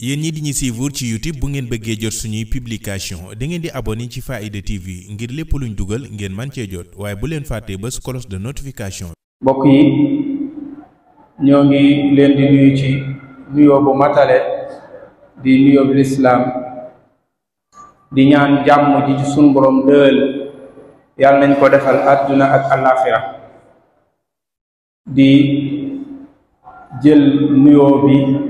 yéen ñi di ñu suivre ci youtube bu ngeen bëggee jot suñuy publication da ngeen di abonné ci Faaida TV ngir lépp luñ dugal ngeen man cee jot waaye bu leen fàttee ba cloche de notification. mbokk yi ñoo ngi leen di nuyu ci nuyoo bu matale di nuyoo bu lislaam di ñaan jàmm ji ci sunu borom dëël yàlla nañ ko defal àdduna ak àllaaxira di jël nuyoo bi.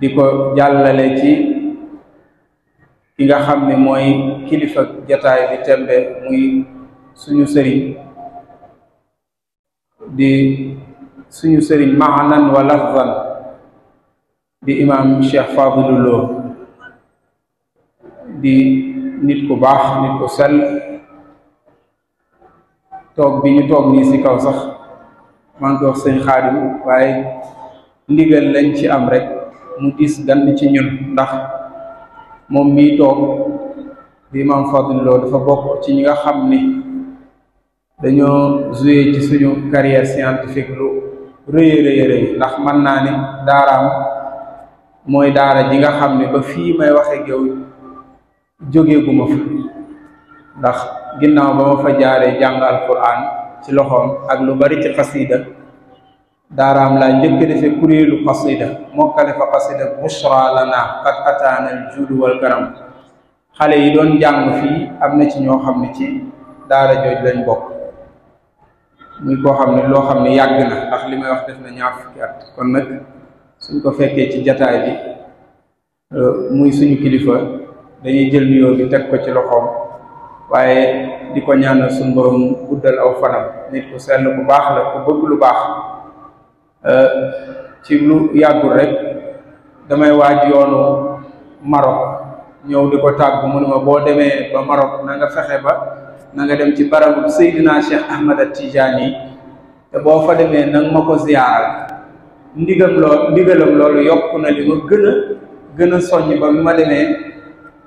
di ko jàllale ci ki nga xam ni mooy kilifa jataay bi tembe muy suñu sëriñ di suñu sëriñ maanan wa lafzan di imam Cheikh Fadilu Lo di nit ku baax nit ku sell toog bi ñu toog nii si kaw sax maa ngi ko wax sëñ waaye ndigal lañ ci am rek mu diis gan ci ñun ndax moom mii toog bi Imam Fadil Lo dafa bokk ci ñi nga xam ni dañoo joué ci suñu carrière scientifique lu rëy rëy rëy ndax mën naa ni daaraam mooy daara ji nga xam ne ba fii may waxe géew jógee gu fa ndax ginnaaw ba fa jaaree jàng alquran ci loxoom ak lu bari ci xasida daaraam laa njëkk defee kuréelu xasida mokkale fa xasida bushra lana qad ataana al judu wal karam xale yi doon jàng fii am na ci ñoo xam ne ci daara jooj lañ bokk muy koo xam ne loo xam ne yàgg na ndax li may wax def na ñaar fukki at kon nag suñ ko fekkee ci jataay bi euh, muy suñu kilifa dañuy jël nuyoo bi teg ko ci loxoom waaye di ko ñaanal suñu borom guddal aw fanam nit ku sell bu baax la ku bëgg lu baax Euh, ci lu yàggul rek damay waaj yoonu Maroc ñëw di ko tàggu mu boo demee ba Maroc na fexe ba na nga dem ci barabu Seydina Cheikh Ahmad At-Tijaani te boo fa demee nang ma ko ziyaaral ndigam lool ndigalam loolu yokk na li ma gën a gën a soññ ba bi ma demee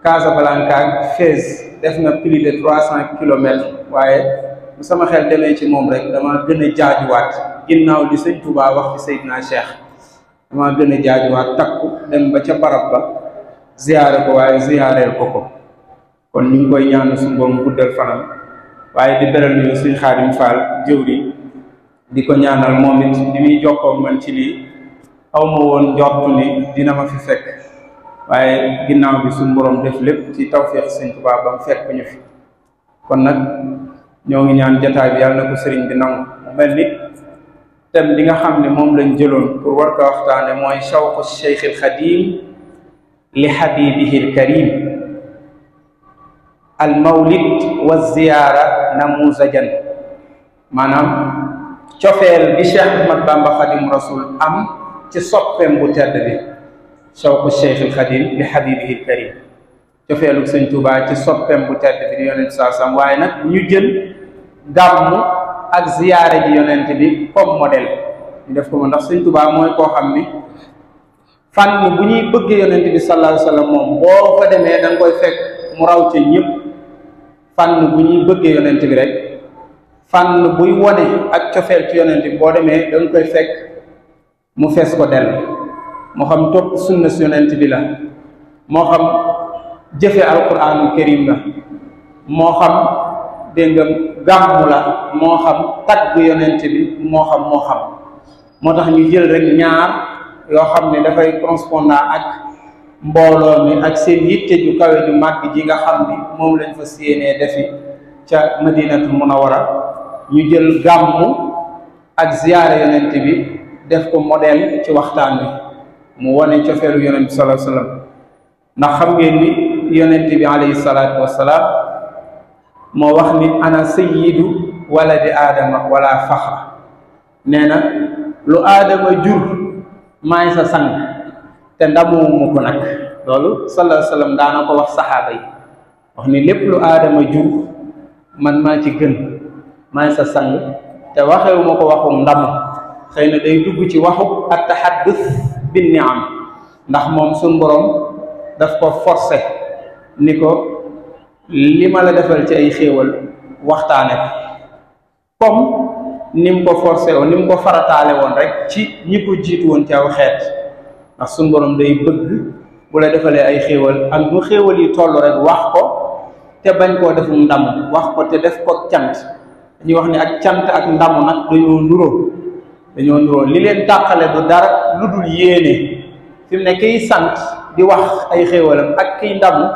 Casablanca ak Fès def na plus de trois cent kilomètres waaye bu sama xel demee ci moom rek dama gën jaajuwaat ginnaaw li sëñ Touba wax ci Seydina Cheikh dama gën a jaajuwaat takku dem ba ca barab ba ziyaare ko waaye ziyaareel ko ko kon ñu ngi koy ñaanu suñu boom guddal fanam waaye di beral ñu suñ Xaadim Faal jëwriñ di ko ñaanal moom it di muy jokkoo man ci lii aw ma woon njort ni dina ma fi fekk waaye ginnaaw bi suñu borom def lépp ci tawfeex sëñ Touba ba mu fekk ñu fi kon nag ñoo ngi ñaan jataay bi yàlla na sëriñ bi nangu mel ni thème bi nga xam ne moom lañ jëloon pour war ko waxtaane mooy shawqu cheikh al xadim li xabibihi al karim al mawlid wa ziyaara namuzajan maanaam cofeel bi cheikh ahmad bamba xadim rasul am ci soppeem bu tedd bi shawqu cheikh al xadim li xabibihi al cofeelu sëñ Tuubaa ci soppeem bu tedd bi di yonent saa waaye nag ñu jël gàmmu ak ziyaare ji yonent bi comme modèle ñu def ko moom ndax Sëñ Tuubaa mooy koo xam ni fànn bu ñuy bëggee yonent bi sallallahu alayhi moom boo ko demee da koy fekk mu raw ca ñëpp bu ñuy bëggee yonent bi rek fànn buy wone ak cofeel ci yonent boo demee da koy fekk mu fees ko dell moo xam topp sunna yonent bi la moo xam jëfe alquraanul karim la moo xam dégg nga gàmmu la moo xam tagg yonent bi moo xam moo xam moo tax ñu jël rek ñaar yoo xam ne dafay correspondant ak mbooloo mi ak seen yitte ju kawe ju màgg ji nga xam ni moom lañ fa séenee defi ca a waral ñu jël gàmmu ak ziyaare yonent bi def ko model ci waxtaan wi mu wane cofeelu yonent bi sallallahu alayhi wa sallam ndax xam ngeen yonent bi alayhi salaatu wassalaam moo wax ni ana walla di aadama wala faxra nee na lu aadama jur maay sa sang te ndamuwuma ko nag loolu sallallahu daana ko wax saxaaba yi wax ni lépp lu aadama jur man maa ci gën maay sa sang te waxewuma ko waxum ndamu xëy na day dugg ci waxu ak at taxaddus bin am ndax moom suñ borom daf ko forcé ni ko li ma la defal ci ay xéewal waxtaane ko comme ni mu ko forcé woon ni mu ko farataale woon rek ci ñi ko jiitu woon ci aw xeet ndax suñu day bëgg bu la defalee ay xéewal ak mu xéewal yi toll rek wax ko te bañ koo defu ndam wax ko te def ko cant dañuy wax ni ak cant ak ndamu nag dañoo nuroo dañoo nuroo li leen tàqale du dara lu dul yéene fi mu ne kiy sant di wax ay xéewalam ak kiy ndamu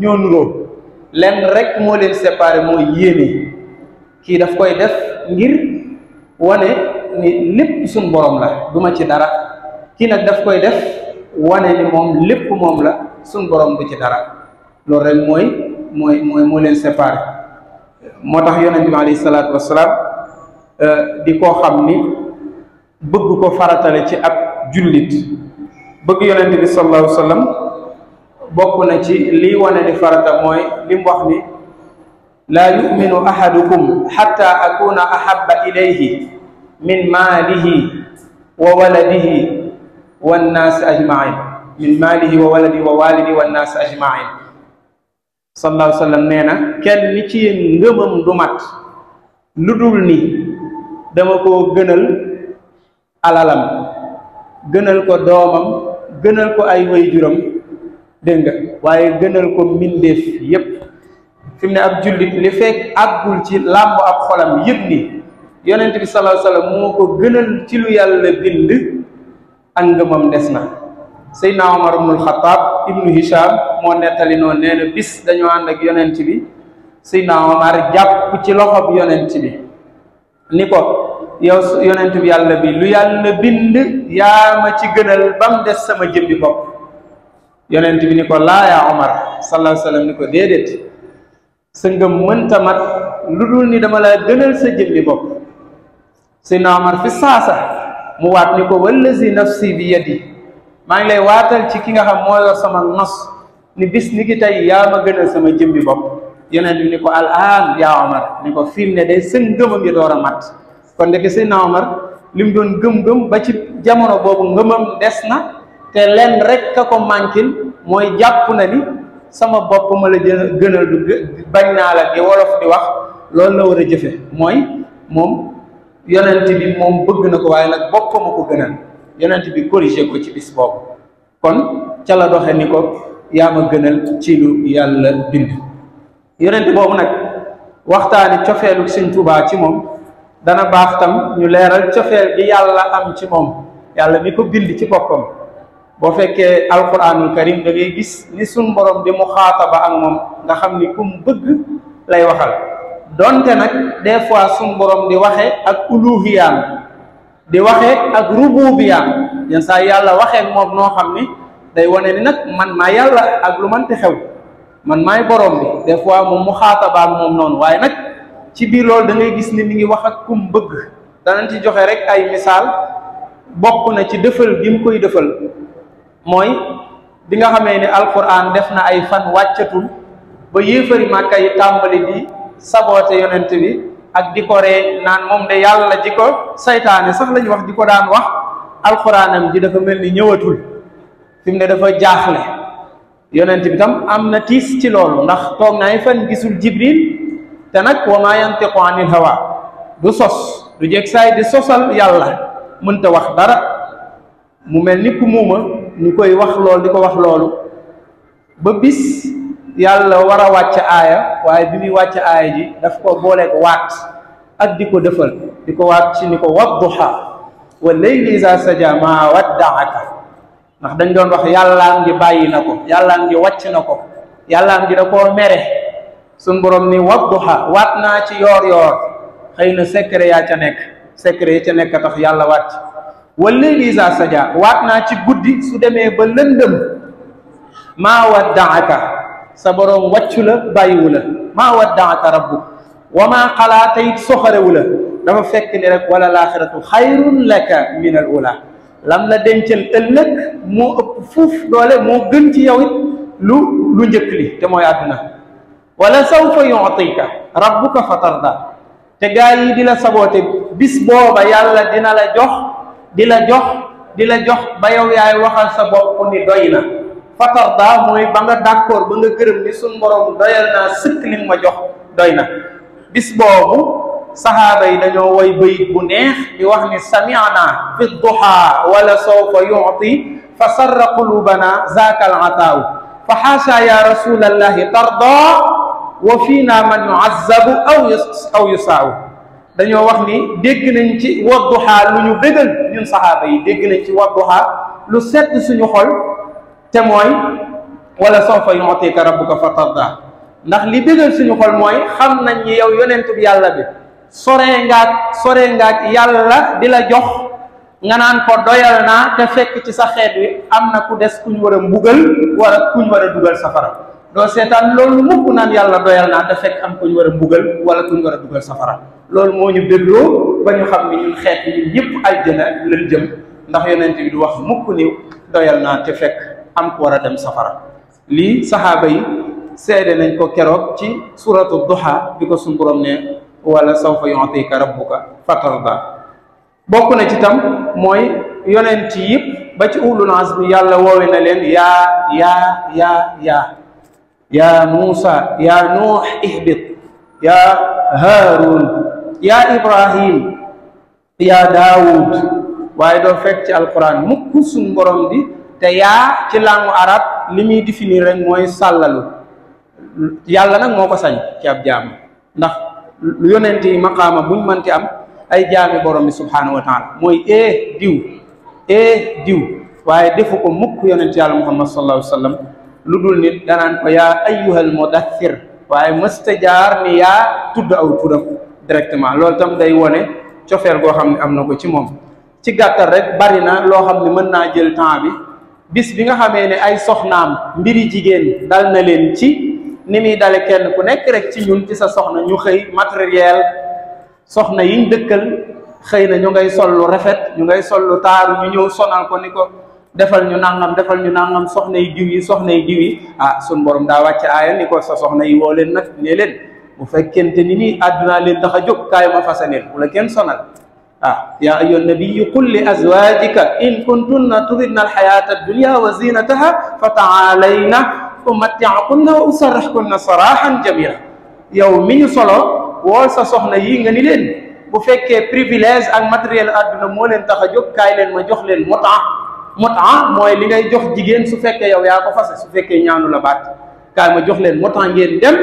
ñoo nuroo lenn rek moo leen sepaare mooy yéene kii daf koy def ngir wane ni lépp suñ borom la duma ci dara kii nag daf koy def wane ni moom lépp moom la suñ borom bu ci dara loolu rek mooy mooy mooy moo leen séparé moo tax yonent bi alayhi salaatu wasalaam euh, di koo xam ni bëgg ko faratale ci ab jullit bëgg yonent bi sallallahu sallam bokk na ci li wane ni farata mooy lim wax ni laa yuminu ahadukum xatta akuna ahaba ilayhi min maalihi wa waladihi wannaas ajmain min maalihi wa waladihi wa walidi wannaas ajmain wa sallam nee na kenn ni ci yéen du mat lu dul ni dama ko gënal alalam gënal ko doomam gënal ko ay wayjuram dégg nga waaye gënal ko mbindeef yépp fi ne ab jullit li fekk àggul ci làmb ab xolam yëpp ni yonent bi sallallahu alayhi wasallam moo ko gënal ci lu yàlla bind ak ngëmam des na Seydina Omar ibnul Xataab ibnu Hisham moo nettali noonu nee bis dañoo ànd ak yonent bi Seydina Omar jàpp ci loxob yonent bi ni ko yow yonent bi yàlla bi lu yàlla bind yaa ma ci gënal ba des sama jëmmi bopp yonent bi ni ko laa yaa Omar ni ko déedéet sa mënta mat lu dul ni dama laa gënal sa jëmmi bopp Seydina Omar fi saasa mu waat ni ko wallazi nafsi bi yadi maa ngi lay waatal ci ki nga xam moo sama nos ni bis ni ki tey yaa ma gënal sama jëmmi bopp yonent bi ni ko al aan yaa Omar ni ko fi ne day sa ngëmam yi door a mat kon ndeke Seydina Omar li mu doon gëm-gëm ba ci jamono boobu ngëmam des na te lenn rek ka ko manquil mooy jàpp na ni sama bopp ma la jën gënal du bañ naa la di wolof di wax loolu na war a jëfe mooy moom yonent bi moom bëgg na ko waaye nag boppam a ko gënal yonent bi corrigé ko ci bis boobu kon ca la doxe ni ko yaa ma gënal ci lu yàlla bind yonent boobu nag waxtaani cofeelu Sëñ Tuubaa ci moom dana baax tam ñu leeral cofeel gi yàlla am ci moom yàlla mi ko bind ci boppam boo fekkee alquranul karim da gis ni suñ borom di mu xaata ba ak moom nga xam ni ku mu bëgg lay waxal donte nag des fois suñ borom di waxe ak uluhiyaam di waxe ak rububiyaam yenn saa yàlla waxee moom noo xam ni day wane ni nag man maa yàlla ak lu mënti xew man maay borom bi des moom mu xaataba ak moom noonu waaye nag ci biir lool da gis ni mi ngi wax ak ku mu bëgg danañ ci joxe rek ay misaal bokk na ci dëfal gi mu koy dëfal mooy bi nga xamee ni alquran def na ay fan wàccatul ba yéefari màkka yi tàmbali di saboote yonent bi ak di ko ree naan moom de yàlla di ko seytaane sax la wax di ko daan wax alxuraanam ji dafa mel ni ñëwatul fi mu ne dafa jaaxle yonent bi tam am na tiis ci loolu ndax toog na ay fan gisul jibril te nag wa maa yantiqu anil du sos du jeg saay di sosal yàlla mënta wax dara mu mel ni ku muuma ni koy wax loolu di ko wax loolu ba bis yàlla war a wàcc aaya waaye bi muy wàcc aaya ji daf ko booleeg waat ak di ko defal di ko waat ci ni ko wadduha wa layli iza saja maa waddaaka ndax dañ doon wax yàllaam ji bàyyi na ko yàllaam ji wàcc na ko yàllaam ji da koo mere suñ borom ni wadduha waat naa ci yoor yoor xëy na secret yaa ca nekk secret ya ca nekk tax yàlla wàcc wal layli iza saja waat naa ci guddi su demee ba lëndëm maa waddaaka sa boroom wacc la bàyyiwu la maa waddaaka rabbuk wa maa xalaata it soxarewu la dafa fekk ni rek wala laaxiratu xayrun laka min lam la dencal ëllëg moo ëpp fuuf doole moo gën ci yow it lu lu njëkk li te mooy àdduna wala sawfa yu'tika rabbuka fatarda te gaa yi di la saboote bis booba yàlla dina la jox di la jox di la jox ba yow yaay waxal sa bopp ni doy na fatarda mooy ba nga d'accord ba nga gërëm ni suñ borom doyal naa sëkk li ma jox doy na bis boobu saxaaba yi dañoo woy bayit bu neex di wax ni sami'na fi duha wala sawfa yu'ti fa sarra qulubana zaaka al ataaw fa xaasa ya rasulallahi tarda wa fiina man yu'azzabu aw aw yusaaw dañoo wax ni dégg nañ ci Wadduha lu ñu bégal ñun saxaaba yi dégg nañ ci Wadduha lu sedd suñu xol te mooy wala sawfa yu'tika rabbuka fatarda ndax li bégal suñu xol mooy xam nañ ni yow yonentub yàlla bi sore ngaak sore ngaak yàlla di la jox nga naan ko doyal naa te fekk ci sa xeet wi am na ku des kuñ war a mbugal wala kuñ war a dugal safara doo seetaan loolu mukk naan yàlla doyal naa te fekk am kuñu war a mbugal wala kuñ war a dugal safara loolu moo ñu bégloo ba ñu xam ni ñun xeet yi yëpp aljana lañ jëm ndax yonent bi du wax mukk ni doyal naa te fekk am ku war a dem safara lii saxaaba yi seede nañ ko keroog ci suratu duha bi ko suñu borom ne wala sawfa yu'tika rabbuka fatarda bokk na ci tam mooy yonent yëpp ba ci ulul azmi yàlla woowe na leen yaa yaa yaa yaa yaa Muusa yaa Nuux ihbit yaa Haaruun yaa ibrahim yaa daawud waaye doo fekk ci alquran mukk suñ borom bi te yaa ci langue arab li muy définir rek mooy sàllalu yàlla nag moo ko sañ ci ab jaam ndax yonent yi maqaama buñ mënti am ay jaami borom bi subhaanahu wa taala ee eh, diw ee eh, diw waaye defu ko mukk yonent yàlla muhammad sallallahu alayhi wa sallam lu dul nit danaan ko yaa ayyuhal mudaththir waaye mësta jaar ni yaa tudd aw turam directement loolu tam day wone cofeer goo xam ne am na ko ci moom ci gàttal rek bari na loo xam ne mën naa jël temps bi bis bi nga xamee ne ay soxnaam mbiri jigéen dal na leen ci ni muy dale kenn ku nekk rek ci ñun ci sa soxna ñu xëy matériel soxna yiñ dëkkal xëy na ñu ngay sol lu rafet ñu ngay sol lu taaru ñu ñëw sonal ko ni ko defal ñu nangam defal ñu nangam soxna yi diw yi soxna yi diw yi ah suñ borom daa wàcc aaya ni ko sa soxna yi woo leen nag nee bu fekkente ni nii àddunaa leen tax a jóg kaay ma fasanil bu la kenn sonal ah yaa ayyuhan nabiyyu qul li azwaajika in kuntunna turidna alxayaata addunya wa zinataha fa taalayna umattiakunna wa usarrahkunna sarahan jamila yow mi ñu solo wool sa soxna yi nga ni leen bu fekkee privilège ak matériel àdduna moo leen tax a jóg kaay leen ma jox leen muta muta mooy li ngay jox jigéen su fekkee yow yaa ko fase su fekkee ñaanu la baat kaay ma jox leen muta ngeen dem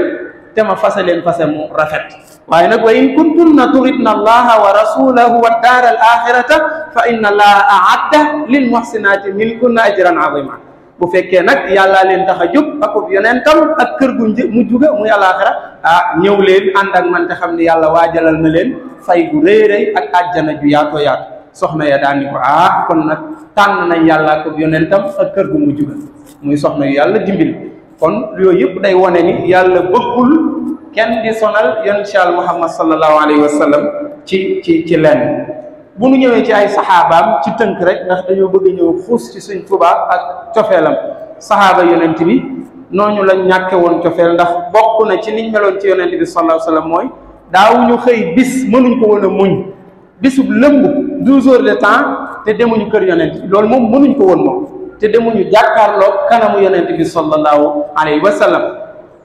te ma fase leen fase mu rafet waaye nag wa in kuntunna turidna allaha wa rasulahu wa daar al axirata fa inna allaha a lil muxsinaati minkunna ajran azima bu fekkee nag yàllaa leen tax a jóg akub yonentam ak kër gu mu juga muy alaaxira ah ñëw leen ànd ak man xam ni yàlla waajalal na leen fay gu rëy ak àjjana ju yaatoo yaatu soxna ya daan ko ah kon nag tànn nañ yàlla akub yonentam ak kër gu mu juga muy soxna yu yàlla dimbil kon yooyu yëpp day wone ni yàlla bëggul kenn di sonal yan chal muhammad sallallahu alayhi wa sallam ci ci ci lenn bu nu ñëwee ci ay saxaabaam ci tënk rek ndax dañoo bëgg ñëw xuus ci suñ tubaab ak cofeelam saxaaba yonent bi nooñu lañ ñàkke woon cofeel ndax bokk na ci niñ meloon ci yonent bi sallallahu alayhi wa sallam mooy daawuñu xëy bis mënuñ ko woon a muñ bisub lëmb douze heures de temps te demuñu kër yonent bi loolu moom mënuñ ko woon moom te demuñu jàkkaarloo kanamu yonent bi sallallahu alayhi wa sallam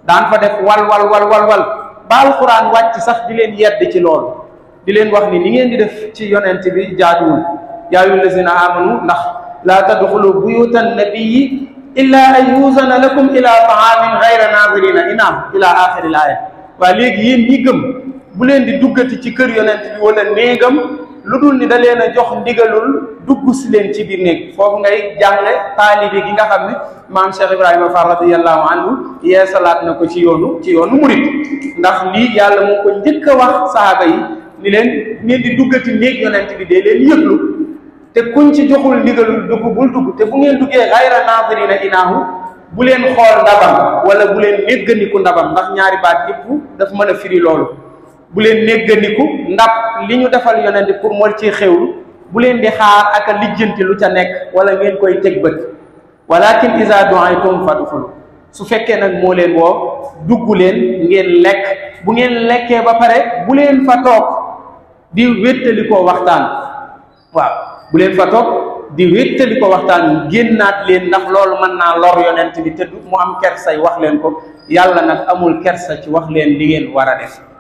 daan fa def wal wal wal wal wal ba alxuraan wàcc sax di leen yedd ci lool di leen wax ni li ngeen di def ci yonent bi jaaduwul yaa ayyuha allazina amanu ndax laa tadxulu buyutan nabiyyi illaa an yuuzana lakum ilaa taamin gayra naazirina inaam ilaa aaxiril aaya waa léegi yéen ñi gëm bu leen di duggati ci kër yonent bi wala néegam lu dul ni da leen a jox ndigalul dugg si leen ci biir néeg foofu ngay jànge taalibi gi nga xam ne maam Cheikh Ibrahima Fall radiyallahu anhu yee salaat na ko ci yoonu ci yoonu murit ndax lii yàlla moo ko njëkk a wax sahaaba yi ni leen ngeen di duggati néeg yonent bi dee leen yëglu te kuñ ci joxul ndigalul dugg bul dugg te bu ngeen duggee xayra naadirina inaahu bu leen xool ndabam wala bu leen néggandiku ndabam ndax ñaari baat yëpp dafa mën a firi loolu bu leen négganiku ndax li ñu defal yonent pour moo ci xewlu bu leen di xaar ak a lijjanti lu ca nekk wala ngeen koy teg bët walakin isa duaytum fadxulu su fekkee nag moo leen woo dugg leen ngeen lekk bu ngeen lekkee ba pare bu leen fa toog di wéttali ko waxtaan waaw bu leen fa toog di wéttali ko waxtaan génnaat leen ndax loolu mën naa lor yonent bi te du mu am kersay wax leen ko yàlla nag amul kersa ci wax leen li ngeen war a def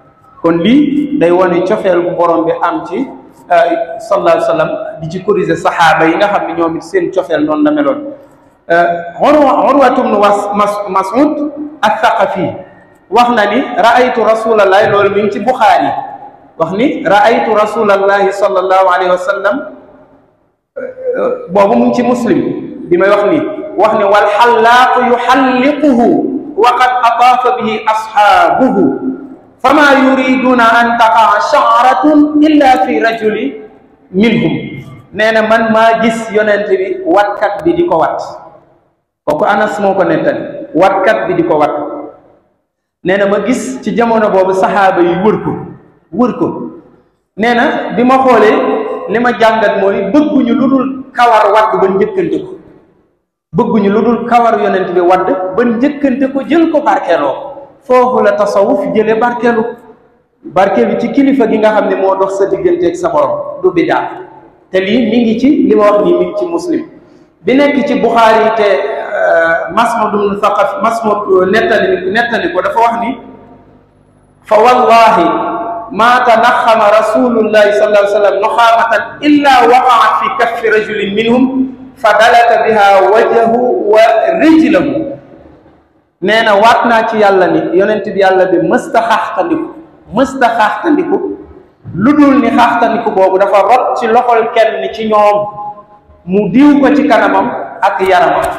kon lii day wane cofeel bu borom bi am ci euh, sallallahu alayhi wa sallam di ci corriger saxaaba yi nga xam ne ñoom it seen cofeel noonu la meloon euh, Urwatu bnu Mas'ud ath-Thaqafi wax na ni ra'aytu rasulallahi loolu mi ngi ci Buxaari wax ni ra'aytu rasulallahi sallallahu alayhi wa sallam boobu mu ngi ci muslim bi may wax ni wax ni wal xallaaqu yuxalliquhu wa qad ataafa bihi asxaabuhu fama yuriduna an taqa sha'ratun illa fi rajuli minhum nee na man maa gis yonent bi watkat bi di ko wat kooku anas moo ko nettali watkat bi di ko wat nee na ma gis ci jamono boobu saxaaba yi wër ko wër ko nee na bi ma xoolee li ma jàngat mooy bëgguñu lu dul kawar wadd ba njëkkante ko bëgguñu lu dul kawar yonent bi wadd ba njëkkante ko jël ko barkeeloo foofu la tasawuf jële barkeelu barkeelu ci kilifa gi nga xam ne moo dox sa digganteeg sa borom du bidaa te lii mi ngi ci li ma wax nii mi ngi ci muslim bi nekk ci buxaari te masmadu bnu saqaf masmud euh, nettali nettali ko dafa wax ni fa wallahi maa tanaxama rasulullahi sallallahu alayhi wa sallam nuxaamatan illa waqaat fi kaffi rajulin minhum fa dalata biha wajhahu wa rijlahu nee na waat naa ci yàlla ni yonent bi yàlla bi mësta xaaxtandiku mësta xaaxtandiku lu dul ni xaaxtandiku boobu dafa rot ci loxol kenn ci ñoom mu diw ko ci kanamam ak yaramam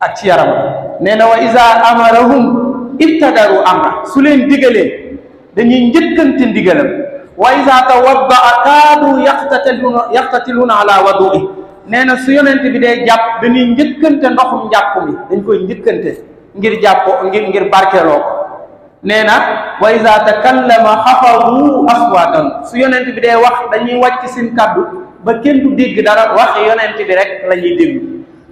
ak ci yaramam nee na wa iza amarahum ibtadaru amra su leen digalee dañuy njëkkante ndigalam wa iza tawaddaa kaadu yaqtatiluna yaqtatiluna ala wadu'i nee na su yonent bi day jàpp dañuy njëkkante ndoxum njàpp mi dañ koy njëkkante ngir jàppoo ngir ngir barkeeloo ko nee na wa iza takallama xafadu aswaatan su yonent bi dee wax dañuy wàcc seen kàddu ba kenn du dégg dara wax yonent bi rek la ñuy dégg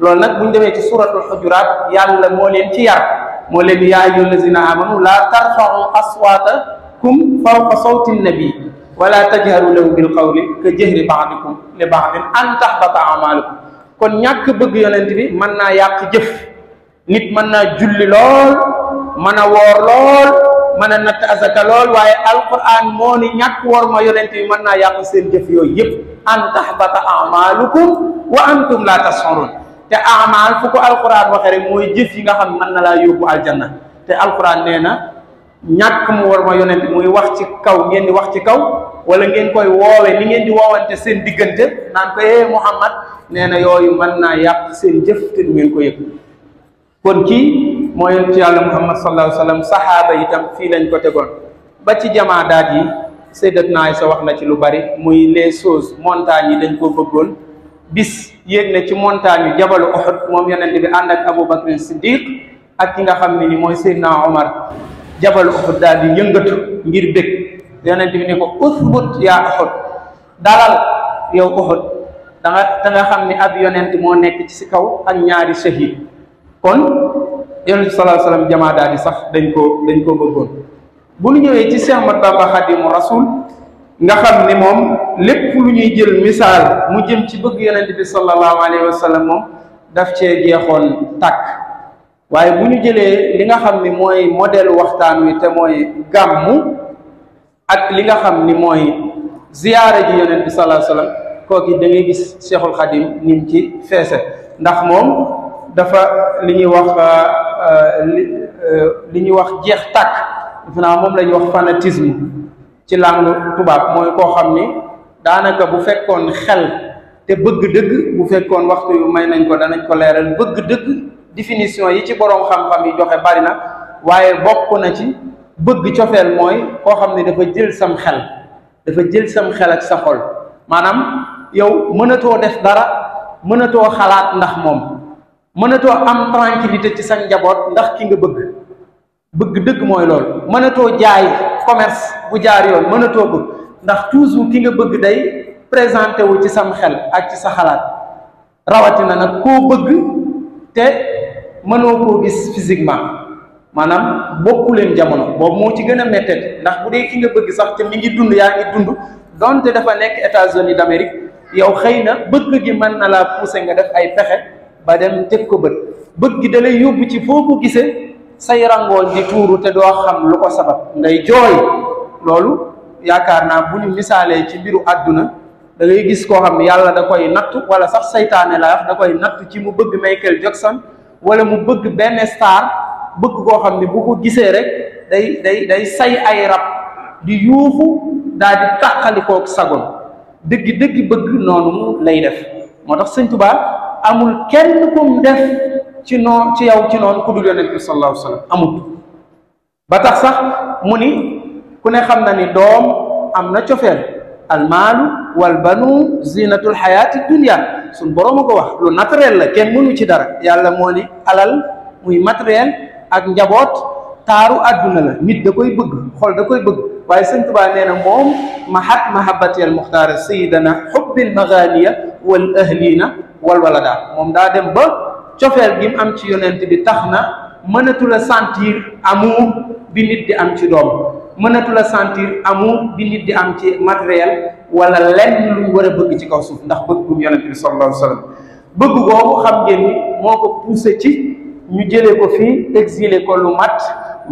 loolu nag bu ñu demee ci suratul xujuraat yàlla moo leen ci yar moo leen yaa ayyuha lazina amanu laa tarfa'u aswaatakum fawqa sawti nabi walaa tajharu lahu bil qawli ka jahri ba'dikum li ba'din an tahbata a'malukum kon ñàkk bëgg yonent bi mën naa yàq jëf nit mën naa julli lool mën a woor lool mën a natt asaka lool waaye alquran moo ni ñàkk woor ma yonent yi mën naa yàq seen jëf yooyu yëpp an tahbata amalukum wa antum la tashurun te amal fu ko alquran waxee rek mooy jëf yi nga xam mën na laa yóbbu aljanna te alquran nee na ñàkk mu war ma yonent muy wax ci kaw ngeen di wax ci kaw wala ngeen koy woowe ni ngeen di woowante seen diggante naan ko eh Muhammad nee na yooyu mën naa yàq seen jëf te du kon kii mooy yonent yàlla muhammad sallallahu alayhi wa sallam saxaaba fii lañ ko tegoon ba ci daal yi sayyidatna Aysa wax na ci lu bari muy les choses montagnes yi lañ ko bëggoon bis yéeg na ci montagne yu jabalu Uhud moom yonent bi ànd ak Abu Bakr Siddiq ak ki nga xam ne ni mooy Seydina Omar jabalu Uhud daal di yëngatu ngir bëgg yonent bi ne ko usbut yaa Uhud dalal yow Uhud da nga xam ni ab yonent moo nekk ci si kaw ak ñaari shahid kon yonent bi sallallahu alayhi jamaa daal yi sax dañ koo dañ ko bëggoon bu ñu ñëwee ci Seex Ahmadu Bamba Xaadimu Rasuul nga xam ni moom lépp lu ñuy jël misaal mu jëm ci bëgg yonent bi sallallahu alayhi wasallam moom daf cee jeexoon tàkk waaye bu ñu jëlee li nga xam ni mooy modèle waxtaan wi te mooy gàmmu ak li nga xam ni mooy ziyaara ji yeneen bi sallallahu alayhi wasallam kooki da ngay gis Seexul Xaadim nim ci feese ndax moom dafa li ñuy wax euh, euh, euh, li ñuy wax jeex tàkk defe moom la wax wax fanatisme ci langue tubaab mooy koo xam ni daanaka bu fekkoon xel te bëgg dëgg bu fekkoon waxtu yu may nañ ko danañ ko leeral bëgg dëgg définition yi ci boroom xam-xam yi joxe bari na waaye bokk na ci bëgg cofeel mooy koo xam ne dafa jël sam xel dafa jël sam xel ak sa xol maanaam yow mënatoo def dara mënatoo xalaat ndax moom mënatoo am tranquillité ci sa njaboot ndax ki nga bëgg bëgg dëgg mooy loolu mënatoo jaay commerce bu jaar yoon mënatoo ko ndax toujours ki nga bëgg day présenté wu ci sam xel ak ci sa xalaat rawatina nag koo bëgg te mënoo koo gis physiquement maanaam bokku leen jamono boobu moo ci gën a méttee ndax bu dee ki nga bëgg sax te mi ngi dund yaa ngi dund donte dafa nekk États-Unis d'Amérique yow xëy na bëgg gi mën na laa pousser nga def ay pexe. ba dem teg ko bët bët gi da yóbbu ci foo ko gisee say rangoon di tuuru te doo xam lu ko sabab ngay jooy loolu yaakaar naa bu ñu misaalee ci mbiru àdduna dangay gis koo xam yàlla da koy natt wala sax seytaane la da koy nattu ci mu bëgg Michael Jackson wala mu bëgg benn star bëgg koo xam ne bu ko gisee rek day day day say ay rab di yuuxu daal di tàqalikook sagon dëgg dëgg bëgg noonu lay def moo tax sëñ Tuubaa amul kenn kum def ci noon ci yow ci noon ku dul yonent bi sallallahu alayhi wa ba tax sax mu ni ku ne xam na ni doom am na cofeel almaalu walbanuun zinatul xayaati dunia suñ boroom a ko wax lu naturel la kenn mënu ci dara yàlla moo ni alal muy matériel ak njaboot taaru àdduna la nit da koy bëgg xol da koy bëgg waaye sëñ Tuubaa nee na moom mahat mahabati al muxtaara sayidana xubbil magaaniya wal ahliina wal walada moom daa dem ba cofeel gi mu am ci yonent bi tax na mënatula sentir amour bi nit di am ci doom mënatula sentir amour bi am ci matériel wala lenn lu war a bëgg ci kaw suuf ndax bëggum yonent bi sallallahu alayhi wa sallam bëgg googu xam ngeen ni moo ko poussé ci ñu jële ko fii exilé ko lu mat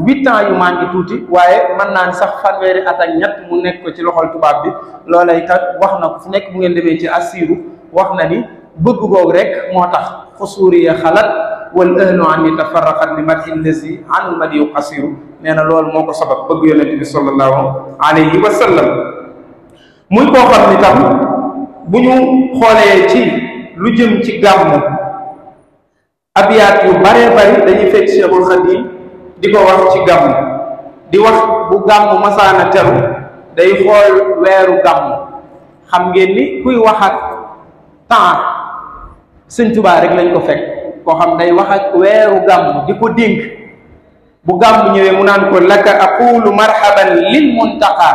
huit ans yu manqué tuuti waaye mën naa sax fanweeri at ak ñett mu nekk ko ci loxol tubaab bi loolay kat wax na ko fu nekk bu ngeen demee ci assiru wax na ni bëgg googu rek moo tax xusuuriya xalat wal ahlu anni tafarraqat li mat illasi anul madi yu qasiru nee na loolu moo ko sabab bëgg yonent bi sallallahu alayhi wa sallam muy koo xam ni tam bu ñu ci lu jëm ci gàmmu abiyaat yu baree bari dañuy fekk Cheikhul Khadim di ko wax ci gàmm di wax bu gàmm masaana teru day xool weeru gàmm xam ngeen ni kuy wax ak temps sëñ Tuubaa rek lañ ko fekk koo xam day wax ak weeru gàmm di ko dénk bu gàmm ñëwee mu naan ko laka aqulu marhaban lil muntaqa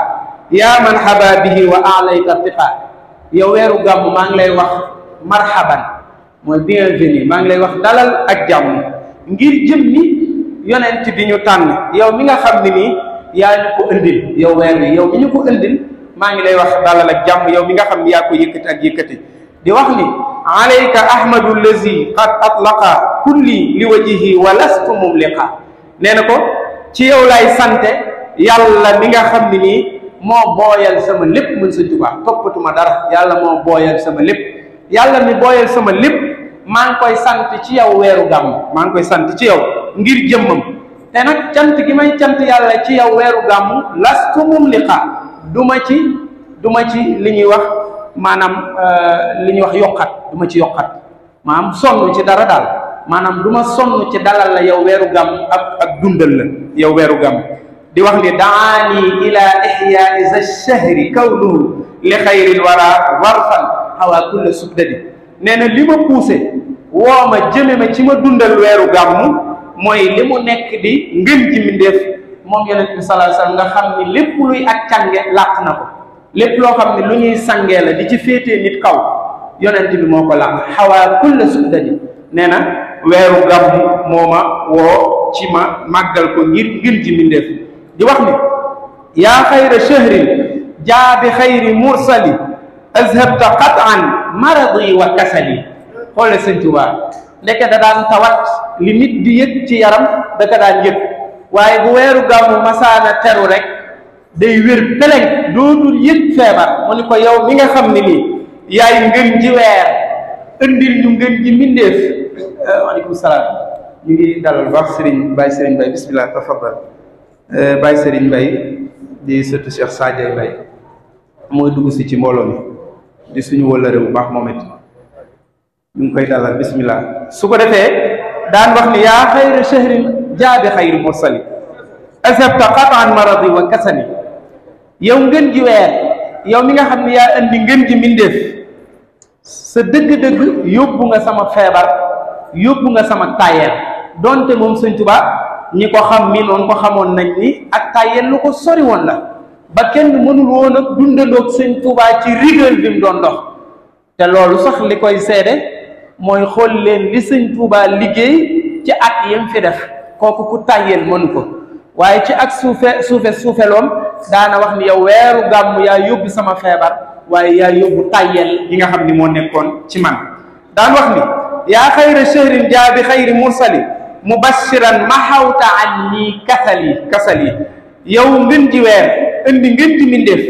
yaa man haba bihi wa alayka tiqa yow weeru gàmm maa ngi lay wax marhaban mooy bienvenue maa ngi lay wax dalal ak jàmm ngir jëm ni yonent bi ñu tànn yow mi nga xam ne nii yaa ñu ko ëndil yow weer wi yow ñu ko ëndil maa ngi lay wax dalal ak jàmm yow mi nga xam ni yaa ko yëkkati ak yëkkati di wax ni alayka ahmadu lazi qad atlaqa kulli li wajihi wa lastu mumliqa nee na ko ci yow lay sante yàlla mi nga xam ni nii moo booyal sama lépp mën sa jubaa toppatuma dara yàlla moo booyal sama lépp yàlla mi booyal sama lépp maa nga koy sant ci yow weeru gàmm maa ngi koy sant ci yow ngir jëmmam te nag cant gi may cant yàlla ci yow weeru gàmmu las ko mum liqa du ma ci du ma ci li ñuy wax maanaam euh, li ñuy wax yokkat du ma ci yokkat maanaam sonn ci dara daal maanaam duma ma sonn ci dalal la yow weeru gàmm ak ak dundal la yow weeru gàmm di wax ni daani ila ihyaai za shahri kawluhu li xayril wara warfan xawaa kulla subdadi nee na li ma poussé woo ma jëme ma ci ma dundal weeru gàmmu mooy li mu nekk di ngën ji mbindéef moom yonent bi sallallahu nga xam ni lépp luy ak cànge làq na ko lépp loo xam ni lu ñuy sangee la di ci féete nit kaw yonent bi moo ko làq xawaa kulla suddadi nee na weeru gàmmu moo ma woo ci ma màggal ko ngir ngën ji mbindéef di wax ni yaa xayra shahrin jaa bi xayri mursali azhabta qatan maradi wa kasali xoole sëñ Tuubaa ndeke da daan tawat li nit di yëg ci yaram da ko daan yëg waaye bu weeru gàmmu masaana teru rek day wér peleng dootul yëg feebar mu ni ko yow mi nga xam ni nii yaay ngën ji weer indil ñu ngën ji mbindéef eh, waaleykum ñu ngi dalal baax sëriñ Baye sëriñ Baye bismillah tafaddal eh, Baye sëriñ Baye di sëtu Cheikh Sadio Baye mooy dugg si ci mbooloo mi di suñu wëllëre bu baax moom it ñu ngi koy dalal bismillah su ko defee daan wax ni yaa xayra shahrin jaabi xayri mursali asabta qataan maradi wa kasani yow ngeen ji weer yow mi nga xam ne yaa andi ngeen ji mindeef sa dëgg-dëgg yóbbu nga sama feebar yóbbu nga sama tayel doonte moom sëñ Tuubaa ñi ko xam mi noonu ko xamoon nañ ni ak tàyyel lu ko sori woon la ba kenn mënul woon ak dundandoog sëñ Tuubaa ci rigueur bi mu doon dox te loolu sax li koy seede mooy xool leen li sëñ Tuubaa liggéey ci at yim fi def kooku ku tàyyeel mënu ko waaye ci ak suufe suufe suufeloom daana wax ni yow weeru gàmm yaa yóbbu sama feebar waaye yaa yóbbu yi nga xam ni moo nekkoon ci man daan wax ni yaa xayra shahrin jaa bi xayri mursali mubashiran mahawta an nii kasali kasali yow ngën ji weer indi ngën ji mindéef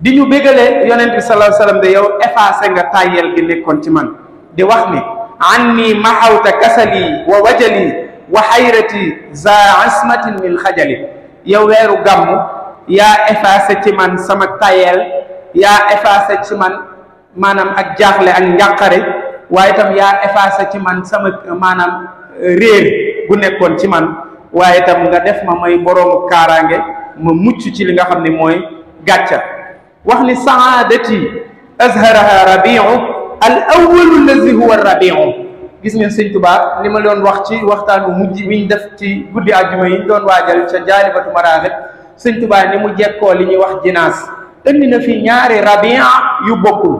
di ñu bégalee yonent bi sallallahu alayhi de yow effacé nga tàyyeel gi nekkoon ci man di wax ni anni mahawta kasali wa wajali wa xayrati za asmatin min xajali yow weeru gàmm ya effacé ci man sama tayeel ya effacé ci man maanaam ak jaaxle ak njàqare waaye itam ya effacé ci man sama maanaam euh, réer gu nekkoon ci man waaye tam nga def ma may boroomu kaaraange ma mucc ci li nga xam ni mooy gàcca wax ni saadati azharaha rabiu al awwalu lazi huwa gis ngeen sëñ Tuubaa li ma doon wax ci waxtaan bu mujj bi ñu def ci guddi àjjuma yi ñu doon waajal ca jaalibatu maraaxib sëñ Tuubaa ni mu jekkoo li ñuy wax jinaas indi na fi ñaari rabia yu bokkul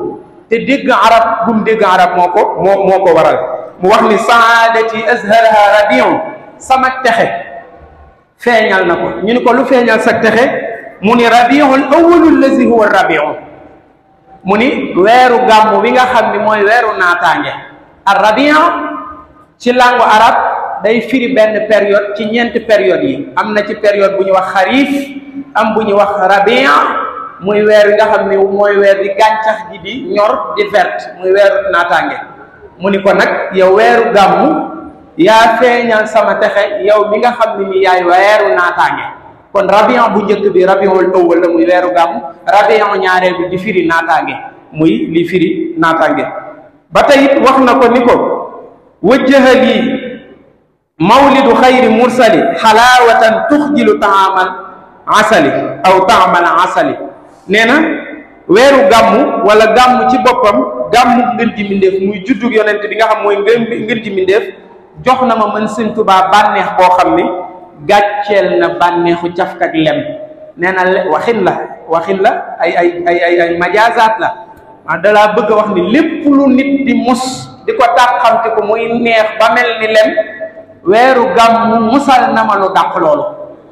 te dégg arab gum dégg arab moo ko moo moo ko waral mu wax ni saadati azharaha rabiu sama texe feeñal na ko ñu ni ko lu feeñal sa texe mu ni rabiul awwalu lazi huwa rabiu mu ni weeru gàmmu bi nga xam ni mooy weeru naataange arabian ci langue arab day firi benn période ci ñeent période yi am na ci période bu ñu wax xarif am bu ñu wax rabian muy weer wi nga xam ni mooy weer di gàncax gi di ñor di verte muy weeru naataange mu ni ko nag yow weeru gàmmu yaa feeñal sama texe yow mi nga xam ni mi yaay weeru naataange kon rabion bu njëkk bi rabion awwal la muy weeru gàmm rabion ñaareel bi di firi naataange muy li firi naataange ba tey it wax na ko ni ko wajjaha lii mawlidu xayri mursali xalaawatan tuxjilu taamal asali aw taamal asali nee na weeru gàmm wala gàmm ci boppam gàmmu ngën ji mindéef muy juddug yonent bi nga xam mooy ngën ngën ji mindéef jox na ma mën sëñ Tuubaa bànneex boo xam ni gàcceel na bànneexu cafkat lem nee na waxin la waxin la ay ay ay la ah dalaa bëgg a wax ni lépp lu nit di mus di ko tàqamti ko muy neex ba mel ni lem weeru gàmmu musal na ma lu dàq loolu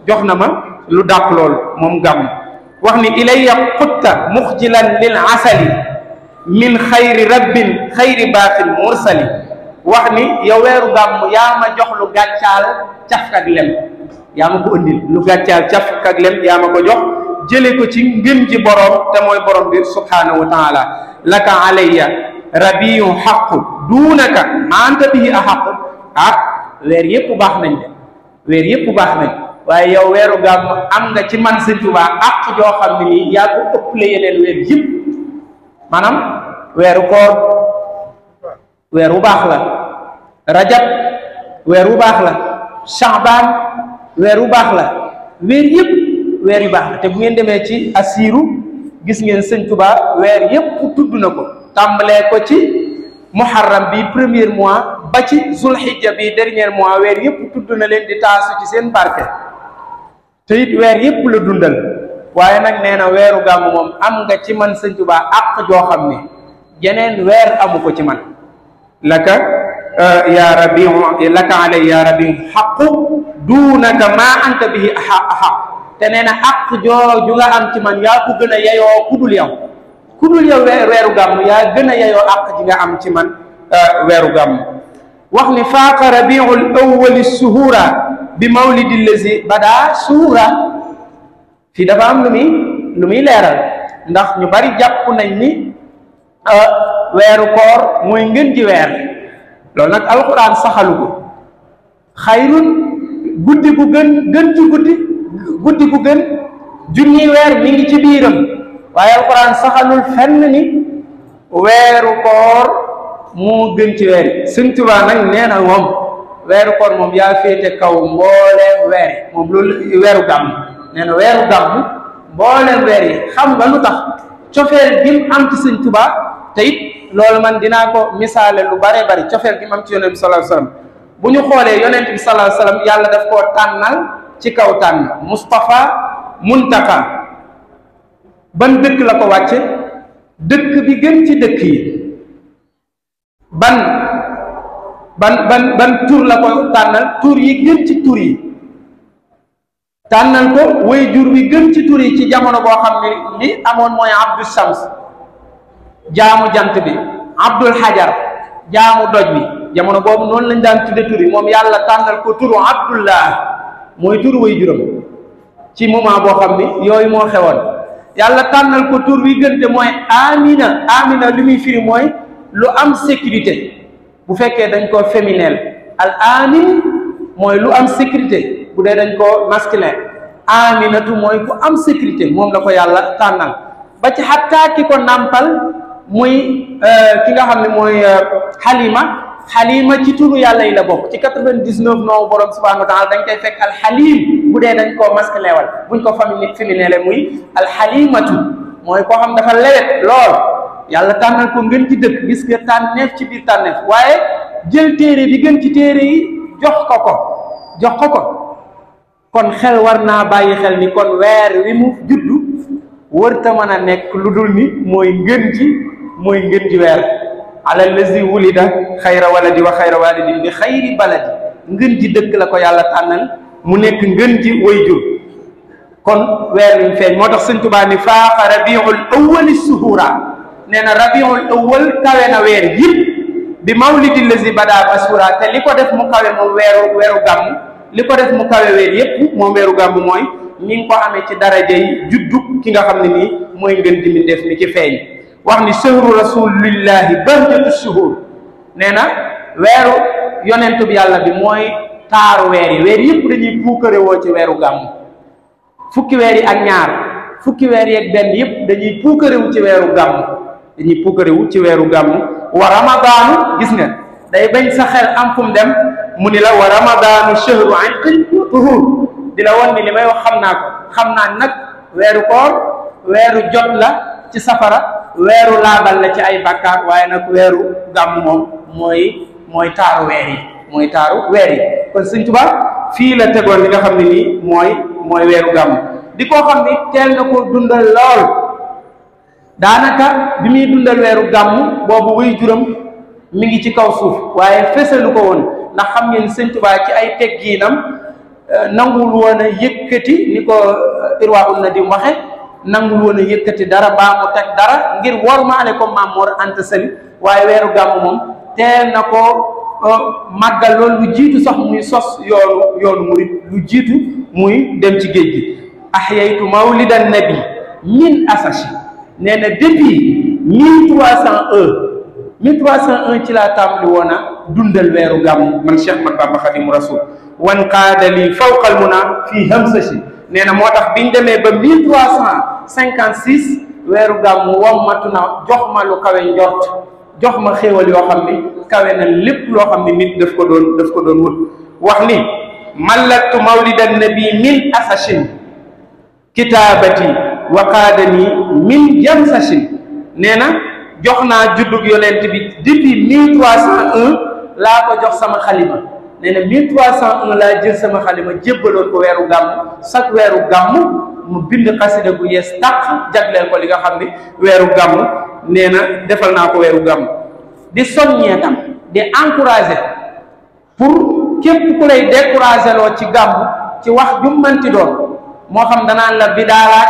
jox na ma lu dàq loolu moom gàmmu wax ni ilayya xutta muxjilan lil asali min xayri rabbin xayri baaxin mursali wax ni yow weeru gàmm yaa ma jox lu gàccaal caf kak lem yaa ma ko ëndil lu gàccaal caf kak lem yaa ma ko jox jële ko ci ngën ji boroom te mooy borom bi subhanahu wa taala laka alayya rabiu xaqu duunaka anta bihi a xaqu ah weer yépp baax nañ de weer yépp baax nañ waaye yow weeru gàmm am nga ci man Sëñ Tuubaa àq joo xam ne nii yaa ko ëpp la yeneen weer yëpp maanaam weeru koor weer wu baax la rajab weer wu baax la shaabaan weer wu baax la weer yëpp weer yu baax la te bu ngeen demee ci asiiru gis ngeen sëñ Tuubaa weer yëpp tudd na ko tàmbalee ko ci muharram bi première mois ba ci zulhijja bi dernier mois weer yëpp tudd na leen di taasu ci seen barke te it weer yëpp la dundal waaye nag nee na weeru gàmmu moom am nga ci man sëñ Tuubaa àq joo xam ni geneen weer amu ko ci man laka uh, yaa rabi uh, laka alay yaa rabi xaqu duunaka maa anta bihi axaq te nee na xaq jooju nga am ci man yaa ko gën a yeyoo ku dul yow ku dul yow weeru gàmm yaa gën a yeyoo xaq ji nga am ci man uh, weeru gàmm wax ni faaqa rabiul awwali suhura bi mawlidi lazi badaa suhura fii dafa am lu muy lu muy leeral ndax ñu bari jàpp nañ ni weeru koor mooy ngën ji weer loolu nag alxuraan saxalu ko xayrun guddi gu gën gën ci guddi gu gën junni weer mi ngi ci biiram waaye alxuraan saxalul fenn ni weeru koor moo gën ci weer yi nee na moom weeru koor moom yaa féete kaw mbooleem weer yi moom loolu weeru gàmm nee na weeru gàmm mbooleem weer yi xam nga lu tax cofeel gi am ci Sëñ Tuubaa te loolu man dinaa ko misaale lu bare bari cofeel gi mam ci yonent bi sallallahu alayhi bu ñu xoolee yonent bi sallallahu alayhi wasallam yàlla daf koo tànnal ci kaw tànn Mustafa Muntaka ban dëkk la ko wàcce dëkk bi gën ci dëkk yi ban ban ban ban tur la ko tànnal tur yi gën ci tur yi tànnal ko way jur bi gën ci tur yi ci jamono boo xam ne li amoon mooy Abdu Shams jaamu jant bi abdul hajar jaamu doj bi jamono boobu noonu lañ daan tudde turi moom yàlla tànnal ko turu abdullah mooy turu way juróom ci moment boo xam ni yooyu moo xewoon yàlla tànnal ko tur wi gënte mooy amina amina li muy firi mooy lu am sécurité bu fekkee dañ koo féminin al amin mooy lu am sécurité bu dee dañ ko masculin aminatu mooy ku am sécurité moom la ko yàlla tànnal ba ci xattaa ki ko nàmpal muy euh, ki nga xam ne mooy xalima euh, xalima ci turu yàlla yi la bokk ci quatre-vingt-dix-neuf noonu borom subhanahu wa dañ koy fekk alxalim bu dee dañ koo masque leewal buñ ko famille féminin la muy alxalimatu mooy koo xam dafa lewet lool yàlla tànnal ko ngën ci dëkk gis nga tànneef ci biir tànneef waaye jël téere bi gën ci téere yi jox ko ko jox ko ko kon xel war naa bàyyi xel ni kon weer wi mu juddu wërta mën a nekk lu dul ni mooy ngën ci mooy ngën ji weer ala lazi wulida xayra waladi wa xayra walidi bi xayri baladi ngën ji dëkk la ko yàlla tànnal mu nekk ngën ji way jur kon weer wi feeñ moo tax sëñ Tuubaa ni faaxa rabiul awwali suhuura nee na rabiul awwal kawe na weer yëpp bi mawlidi lazi badaa basuura te li ko def mu kawe moom weeru weeru gàmm li ko def mu kawe weer yëpp moom weeru gàmm mooy ñi ko amee ci daraja yi juddu ki nga xam ne nii mooy ngën ji mi def mi ci feeñ wax ni shahru rasulillahi bahdatu shuhur nee na weeru yonentu bi yàlla bi mooy taaru weer yi weer yëpp dañuy puukare woo ci weeru gàmmu fukki weer yi ak ñaar fukki weer yi ak benn yëpp dañuy puukarewu ci weeru gàmmu dañuy puukarewu ci weeru gàmmu wa ramadaanu gis nga day bañ sa xel am fu dem mu ni la wa ramadaanu shahru itqin wa tuhur di la wan ni li may wax xam naa ko xam naa nag weeru koor weeru jot la ci safara weeru laabal la ci ay bàkkaar waaye nag weeru gàmm moom mooy mooy taaru weer yi mooy taaru weer yi kon Sëñ Tuubaa fii la tegoon li nga xam ne nii mooy weeru gàmm di koo xam ni teel na ko dundal lool daanaka bi muy dundal weeru gàmm boobu wuy juram mi ngi ci kaw suuf waaye fesalu ko woon ndax xam ngeen Sëñ Tuubaa ci ay teggiinam euh, nangul woon a yëkkati ni ko euh, irwaa na di waxe nangul woon a yëkkati dara baa mu teg dara ngir wormaale ko maam Mor Anta Sali waaye weeru gàmmu moom teel na ko uh, màggal loolu lu jiitu sax muy sos yoonu yoonu murit lu jiitu muy dem ci géej gi ahyaytu mawlidan nabi min asashi nee na depuis mille trois cent un mille trois cent un ci laa tàmbali woon a dundal weeru gàmmu man Cheikh Ahmad Bamba Xadimu Rasul wan qaada li fawqal muna fii hamsashi nee na moo tax biñ demee ba mille trois cent cinquante six weeru gàmmu wommatu na jox ma lu kawe njort jox ma xéewal yoo xam ni kawe na lépp loo xam ne nit daf ko doon daf ko doon wut wax ni mallattu mawlidan nabi min asashin kitaabati waqaadani min jamsashin nee na jox naa juddug yonent bi depuis mille trois cent un laa ko jox sama xalima nee na 1301 laa jël sama xalima jébbaloon ko weeru gàmm chaque weeru gàmm mu bind xasida gu yees tàq jagleel ko li nga xam ne weeru gàmm nee na defal naa ko weeru gàmm di soññee tam di encouragé pour képp ku lay découragé loo ci gàmm ci wax ju mënti doon moo xam danaan la bidaalaat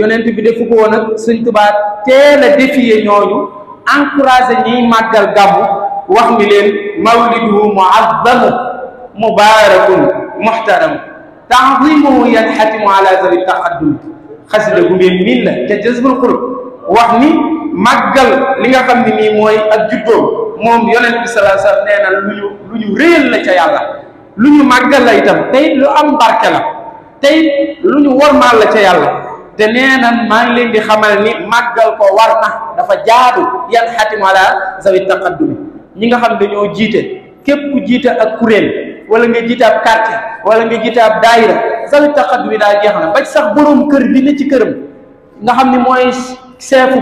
yonent bi defu ko woon ak Sëñ Tuubaa teel défier ñooñu encouragé ñiy màggal gàmm wax ni leen mawliduhu muazzam mubarakun muhtaram taadimuhu yanxatimu ala zawi taqaddum xasida gu ngeen miin la ca jazbul xulub wax ni màggal li nga xam ne nii mooy ak juddoom moom yonent bi salaa sallam nee na lu ñu lu ñu réyal la ca yàlla lu ñu màggal la itam tey lu am barke la tey lu ñu warmaal la ca yàlla te nee na maa ngi leen di xamal ni màggal ko war na dafa jaadu yan xatimu ala zawi taqaddumi ñi nga xam dañoo jiite képp ku jiite ak kuréel wala nga jiite ab quartier wala nga jiite ab daayira zawi taqat bi daa jeex na ba sax boroom kër bi ne ci këram nga xam ni mooy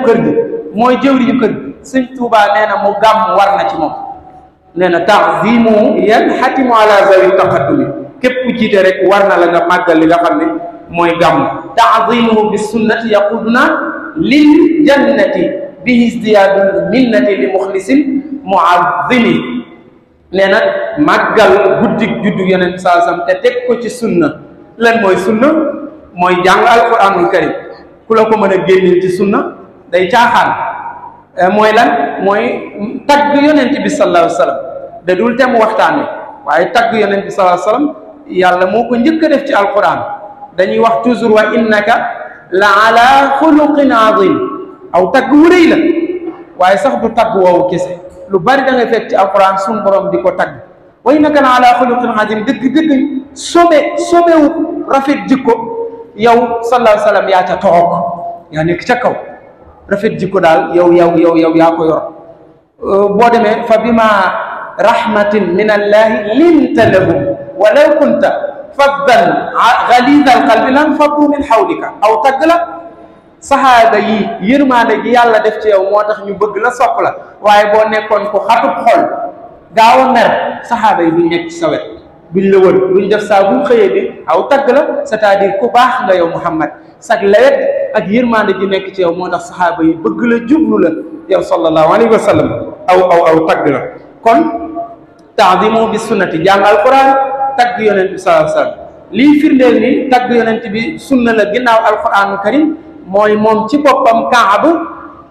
kër gi mooy jëwriñu kër gi sëñ Tuuba nee mu gàmm war na ci moom nee na ta'zimu yan xatimu ala zawi taqaddumi képp ku jiite rek war na la nga màggal li nga xam ne mooy gàmm ta'zimuhu bi sunnati yaquduna li jannati bihi izdiyaadul minnati li muxlisin muazzimi nee na màggal guddik juddu yeneen saa sam te teg ko ci sunna lan mooy sunna mooy jàng alquranul karim ku la ko mën a génnil ci sunna day caaxaan eh, mooy lan mooy tagg yonent bi sallallahu alayhi wa sallam da dul tem waxtaan wi waaye tagg yonent bi sallallahu alayhi yàlla moo ko njëkk a def ci alquran dañuy wax toujours wa innaka la ala xuluqin azim aw tagg wu rëy la waaye sax du tagg woowu kese lu bari da ngay fekk ci alquran suñu borom di ko tagg wa innaka la ala xuluqin azim dëgg-dëgg some somewu rafet jikko yow sallallahu alayhi wa sallam yaa ca toog yaa nekk ca kaw rafet jikko daal yow yow yow yow yaa ko yor euh, boo demee fa bima rahmatin min allahi linta lahum walaw kunta faddan galida alqalbi lan faddu min hawlika aw tagg la saxaaba yi yërmaande gi yàlla def ci yow moo tax ñu bëgg la sopp la waaye boo nekkoon ko xatub xol gaaw a mer saxaaba yi duñ nekk ci sa wet la wër duñ def saa bu xëyee bi aw tagg la cest à ku baax nga yow Muhammad sag lewet ak yërmaande gi nekk ci yow moo tax saxaaba yi bëgg la jublu la yow sallallahu alayhi wa sallam aw aw aw tagg la kon taadimu bi sunnati jàng alquran tagg yonent bi sallallahu alayhi wa sallam lii firndeel sunna la ginnaaw alquranu karim mooy moom ci boppam Kaab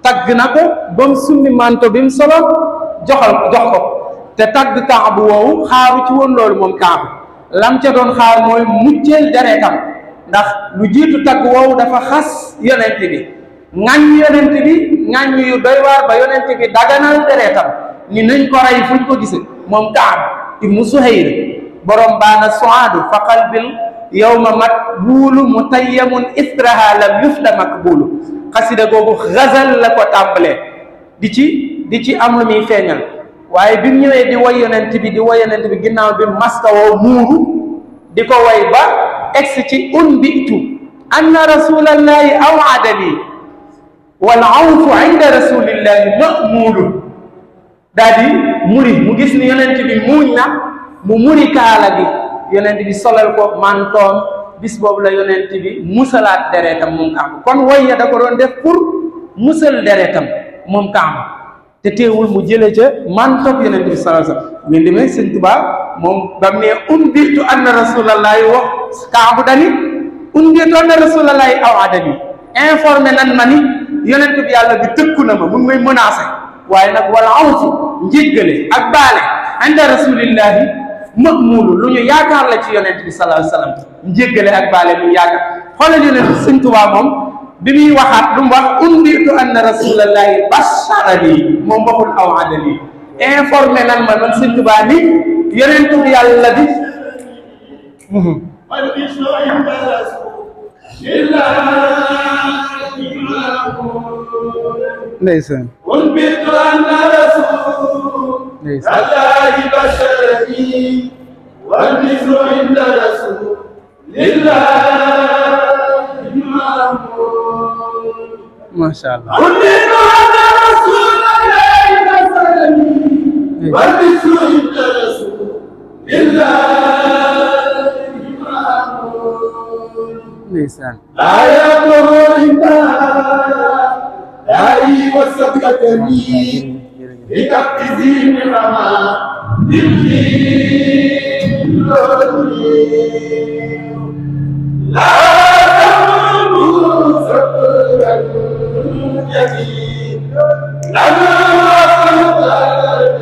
tagg na ko ba summi manto bi mu solo joxal jox ko te tagg Kaab woowu xaaru ci woon loolu moom Kaab lam ca doon xaar mooy mucceel deretam ndax lu jiitu tagg woowu dafa xas yonent bi ŋàññ yonent bi ŋàññ yu doy waar ba yonent bi daganal deretam ni nañ ko rey fuñ ko gise moom Kaab ibnu Suhayr borom baana soadu faqal bil yawma matbuulu mutayyamun israha lam yufda makbuulu xasida googu xazal la ko tàmbalee di ci di ci am lu muy feeñal waaye bi mu di woy yonent bi di woy yonent bi ginnaaw bi maska woo muuru di ko woy ba egsi ci un bitu anna rasulallahi awadani wal awfu inda rasulillahi mamuulun daal di muri mu gis ni yonent bi muuñ na mu muri kaala gi yonent bi solal ko mantoom bis boobu la yonent bi musalaat deretam moom Kaaba kon woy da ko doon def pour musal deretam moom Kaaba te teewul mu jëlee ca mantoom yonent bi solal sa ngeen demee Sëñ Tuubaa moom ba mu ne umbirtu anna rasulallahi wax Kaaba dani umbirtu anna rasulallahi aw adani informe nan ma ni yonent bi yàlla bi tëkku na ma mu ngi may menacé waaye nag wala aw ci njéggale ak baale inda rasulillahi mahmuulu lu ñu yaakaar la ci yonent bi sallallahu alayhi wa sallam njéggale ak baale mu yaakaar xoolal yonent sëñ Tuubaa moom bi muy waxaat lu mu wax undirtu anna rasulallahi basharani moom waxul aw adani informé nan ma man sëñ Tuubaa ni yonentu yàlla bi ndeysaan allahi basharati wal misru inda rasulillahi mamun masha allah kuninu hada rasulillahi basharati wal misru inda rasulillahi mamun ndeysaan laa yaqulu inda dari wasabqatani لتقتزي نعما بالدين لا تمر صبرا جميل لما قضيت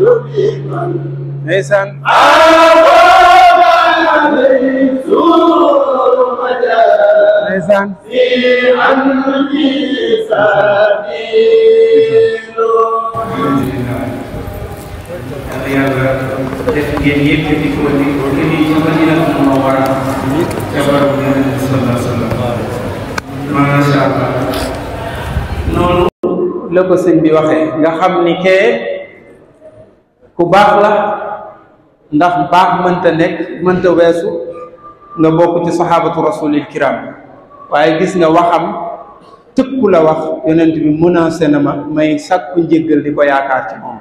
بمن نيسان أبى عليه سور مجال نيسان في عني سبيل yàlla bi sallallahu alayhi wa noonu la ko sëñ bi waxee nga xam ni kee ku baax la ndax baax mënta nekk mënta weesu nga bokk ci saxaabatu rasulil kiram waaye gis nga waxam tëkku la wax yonent bi menacé na ma may sàkku njéggal di ko yaakaar ci moom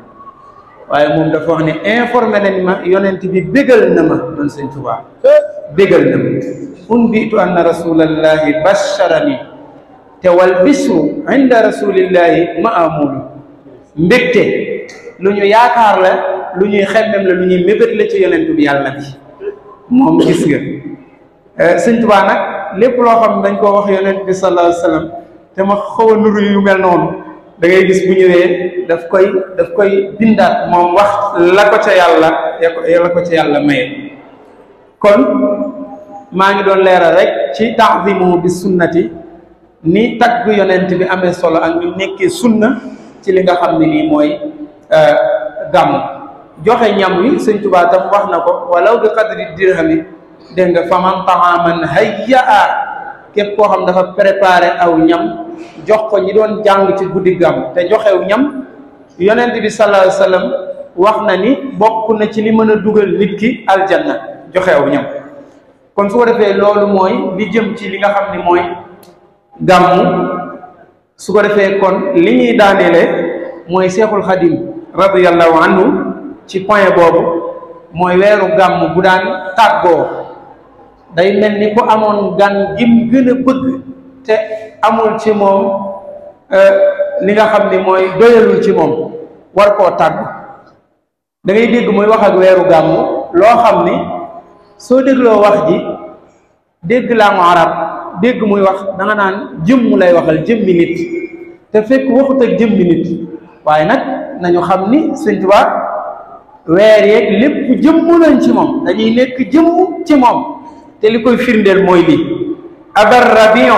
waaye moom dafa wax ne informé nañ ma yonent bi bégal na ma man sëñ Tuubaa bégal na ma unbitu anna rasulallahi basharani te wal bisru inda lu ñu yaakaar la lu ñuy xemmem la lu ñuy mébét la ci yonent bi yàlla bi moom gis nga euh, sëñ nag lépp loo xam dañ koo wax yonent bi sallallahu alayhi wa sallam te ma xaw a yu mel noonu dangay gis bu ñëwee daf koy daf koy bindaat moom wax la ko ca yàlla la ko kon maa ngi doon leeral rekk ci ta'zimu bi sunnati ni tagg yonent bi amee solo ak ni nekkee sunna ci li nga xam ne nii mooy euh, gàmm joxe ñam wi sëñ Tuubaa wax na ko walaw bi qadri dirhami dégg nga faman taaman hayya'a képp koo xam dafa préparé aw ñam jox ko ñi doon jàng ci guddi gàmm te joxew ñam yonent bi sallallahu alayhi wax na ni bokk na ci li mën a dugal nit ki aljanna joxew ñam kon su ko defee loolu mooy li jëm ci li nga xam ni mooy gàmmu su ko defee kon li ñuy daaneele mooy seexul xadim radiyallahu anhu ci point boobu mooy weeru gàmm bu daan tàggoo day mel ni ku amoon gan gim gën a bëgg te amul ci moom euh, li nga xam ni mooy doyalul ci moom war koo tàggu dangay ngay dégg muy wax ak weeru gàmmu loo xam ni soo dégloo wax ji dégg laa mu arab dégg muy wax danga naan jëmm lay waxal jëmmi nit te fekk waxut ak jëmmi nit waaye nag nañu xam ni Sëñ weer yeeg lépp jëmm lañ ci moom dañuy nekk jëmm ci moom te li koy firndeel mooy lii abal rabiu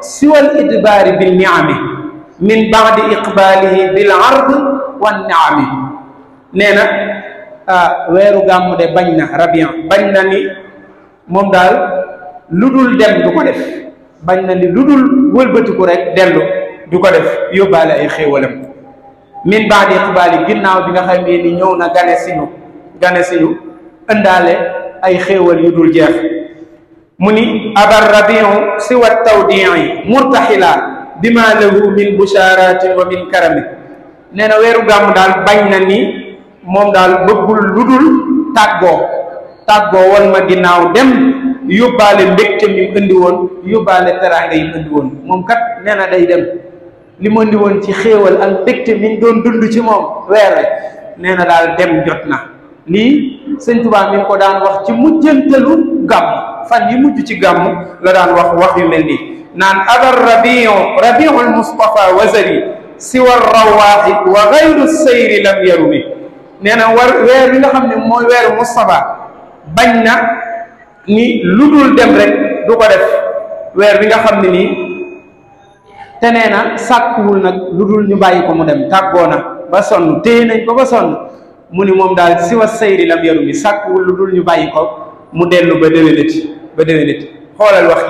siwal idbaari bi niami min baadi iqbaalihi bil ard wa niami nee na weeru gàmmu de bañ na rabiu bañ na ni moom daal lu dul dem du ko def bañ na ni lu dul wëlbatiku rek dellu du ko def yóbbaale ay xéewalam min baadi iqbaali ginnaaw bi nga xamee ni ñëw na gane siñu gane ay xéewal yu dul jeex mu ni abar rabiu siwa tawdii murtaxila bima lahu min busharatin wa min karami nee na weeru gàmm daal bañ na ni moom daal bëggul ludul tàggoo tàggoo woon ma ginnaaw dem yóbbaale mbégte mi mu indi woon yóbbaale teraanga yi mu indi woon moom kat nee na day dem li mu indi woon ci xéewal ak mbégte mi doon dund ci moom weer nee na daal dem jot na lii sëñ Tuubaa mi ko daan wax ci mujjantalu gàmm fan yi mujj ci gàmmu la daan wax wax yu mel nii naan adar rabiu rabiu almustafa wazari siwa rawaaxi wa gayru sayri lam yarumi nee na war weer li nga xam ne mooy weeru Mustafa bañ na ni lu dul dem rek du ko def weer bi nga xam ne nii te nee na sàkkuwul nag lu dul ñu bàyyi ko mu dem tàggoona ba sonn téye nañ ko ba sonn mu ni moom daal siwa sayri lam yarumi sàkkuwul lu dul ñu bàyyi ko mu dellu ba déwénati ba déwénati xoolal wax